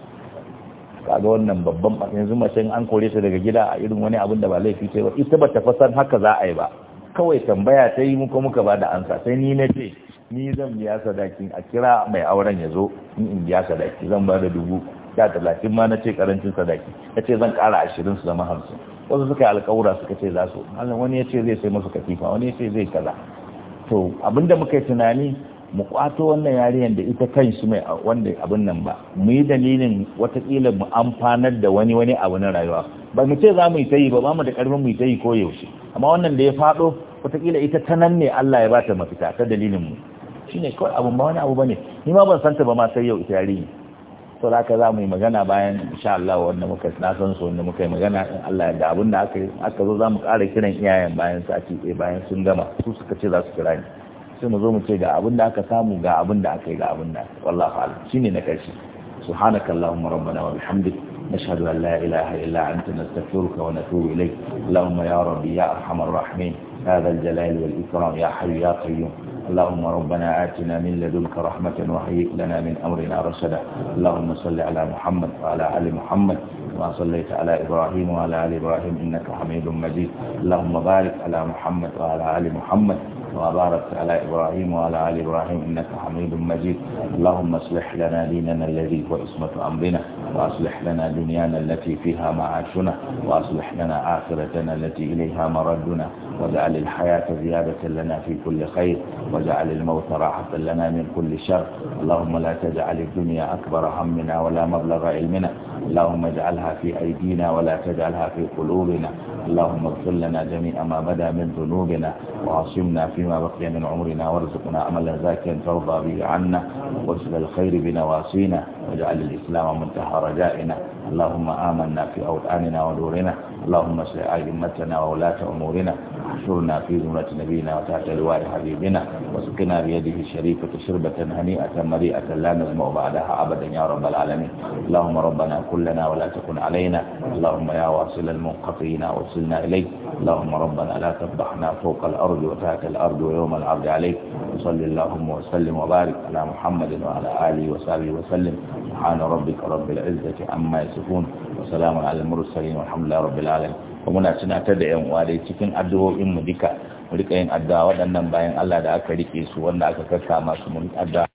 kaga wannan babban yanzu mace an kore ta daga gida a irin wani abin da ba laifi sai ba ita ba ta fasan haka za a yi ba kawai tambaya ta yi muka muka ba da ansa sai ni na ce ni zan biya sadakin a kira mai auren ya zo ni in biya sadaki zan ba da dubu da talatin ma na ce karancin sadaki na ce zan kara ashirin su zama hamsin wasu suka yi alkawura suka ce za su wani ya ce zai sai masu katifa wani ya ce zai kaza to abinda muka yi tunani mu kwato wannan yarinyar da ita kan su mai wanda abin nan ba mu yi dalilin watakila mu amfanar da wani wani abu na rayuwa ba mu ce za mu yi ta yi ba ba mu da karfin mu yi ta yi ko yaushe amma wannan da ya faɗo watakila ita ta nan ne Allah ya bata ta mafita ta dalilin mu shine kawai abun ba wani abu bane ni ma ban santa ba ma sai yau ita yarinya to da ka za mu yi magana bayan insha Allah wanda muka na san su wanda muka yi magana in Allah ya da abin da aka zo za mu ƙara kiran iyayen bayan sati ɗaya bayan sun gama su suka ce za su kira ni sai mu zo mu ce ga abin da aka samu ga abin da aka yi ga abin da wallahi alam shine na karshe subhanakallahumma rabbana wa bihamdika نشهد أن لا إله إلا أنت نستغفرك ونتوب إليك اللهم يا ربي يا أرحم الراحمين هذا الجلال والإكرام يا حي يا قيوم اللهم ربنا آتنا من لدنك رحمة وهيئ لنا من أمرنا رشدا اللهم صل على محمد وعلى آل محمد كما صليت على إبراهيم وعلى آل إبراهيم إنك حميد مجيد اللهم بارك على محمد وعلى آل محمد وبارك على إبراهيم وعلى آل إبراهيم إنك حميد مجيد اللهم اصلح لنا ديننا الذي هو عصمة أمرنا وأصلح لنا دنيانا التي فيها معاشنا وأصلح لنا آخرتنا التي إليها مردنا واجعل الحياة زيادة لنا في كل خير واجعل الموت راحة لنا من كل شر اللهم لا تجعل الدنيا أكبر همنا ولا مبلغ علمنا اللهم اجعلها في أيدينا ولا تجعلها في قلوبنا اللهم اغفر لنا جميع ما بدا من ذنوبنا وعصمنا في فيما بقي من عمرنا وارزقنا عملا زاكيا ترضى به عنا وارسل الخير بنواصينا واجعل الإسلام منتهى رجائنا اللهم آمنا في أوطاننا ودورنا اللهم اصلح ائمتنا وولاة امورنا احشرنا في زمرة نبينا وتحت لواء حبيبنا واسقنا بيده الشريفة شربة هنيئة مريئة لا نزمع بعدها ابدا يا رب العالمين اللهم ربنا كلنا ولا تكن علينا اللهم يا واصل المنقطعين وصلنا اليك اللهم ربنا لا تفضحنا فوق الارض وتحت الارض ويوم العرض عليك وصل اللهم وسلم وبارك على محمد وعلى اله وصحبه وسلم سبحان ربك رب العزة عما يصفون وسلام على المرسلين والحمد لله رب العالمين alamin kuma muna tunatar da yan uwa dai cikin addu'o'in mu duka mu rika yin addu'a waɗannan bayan Allah da aka rike su wanda aka kasa masu mun addu'a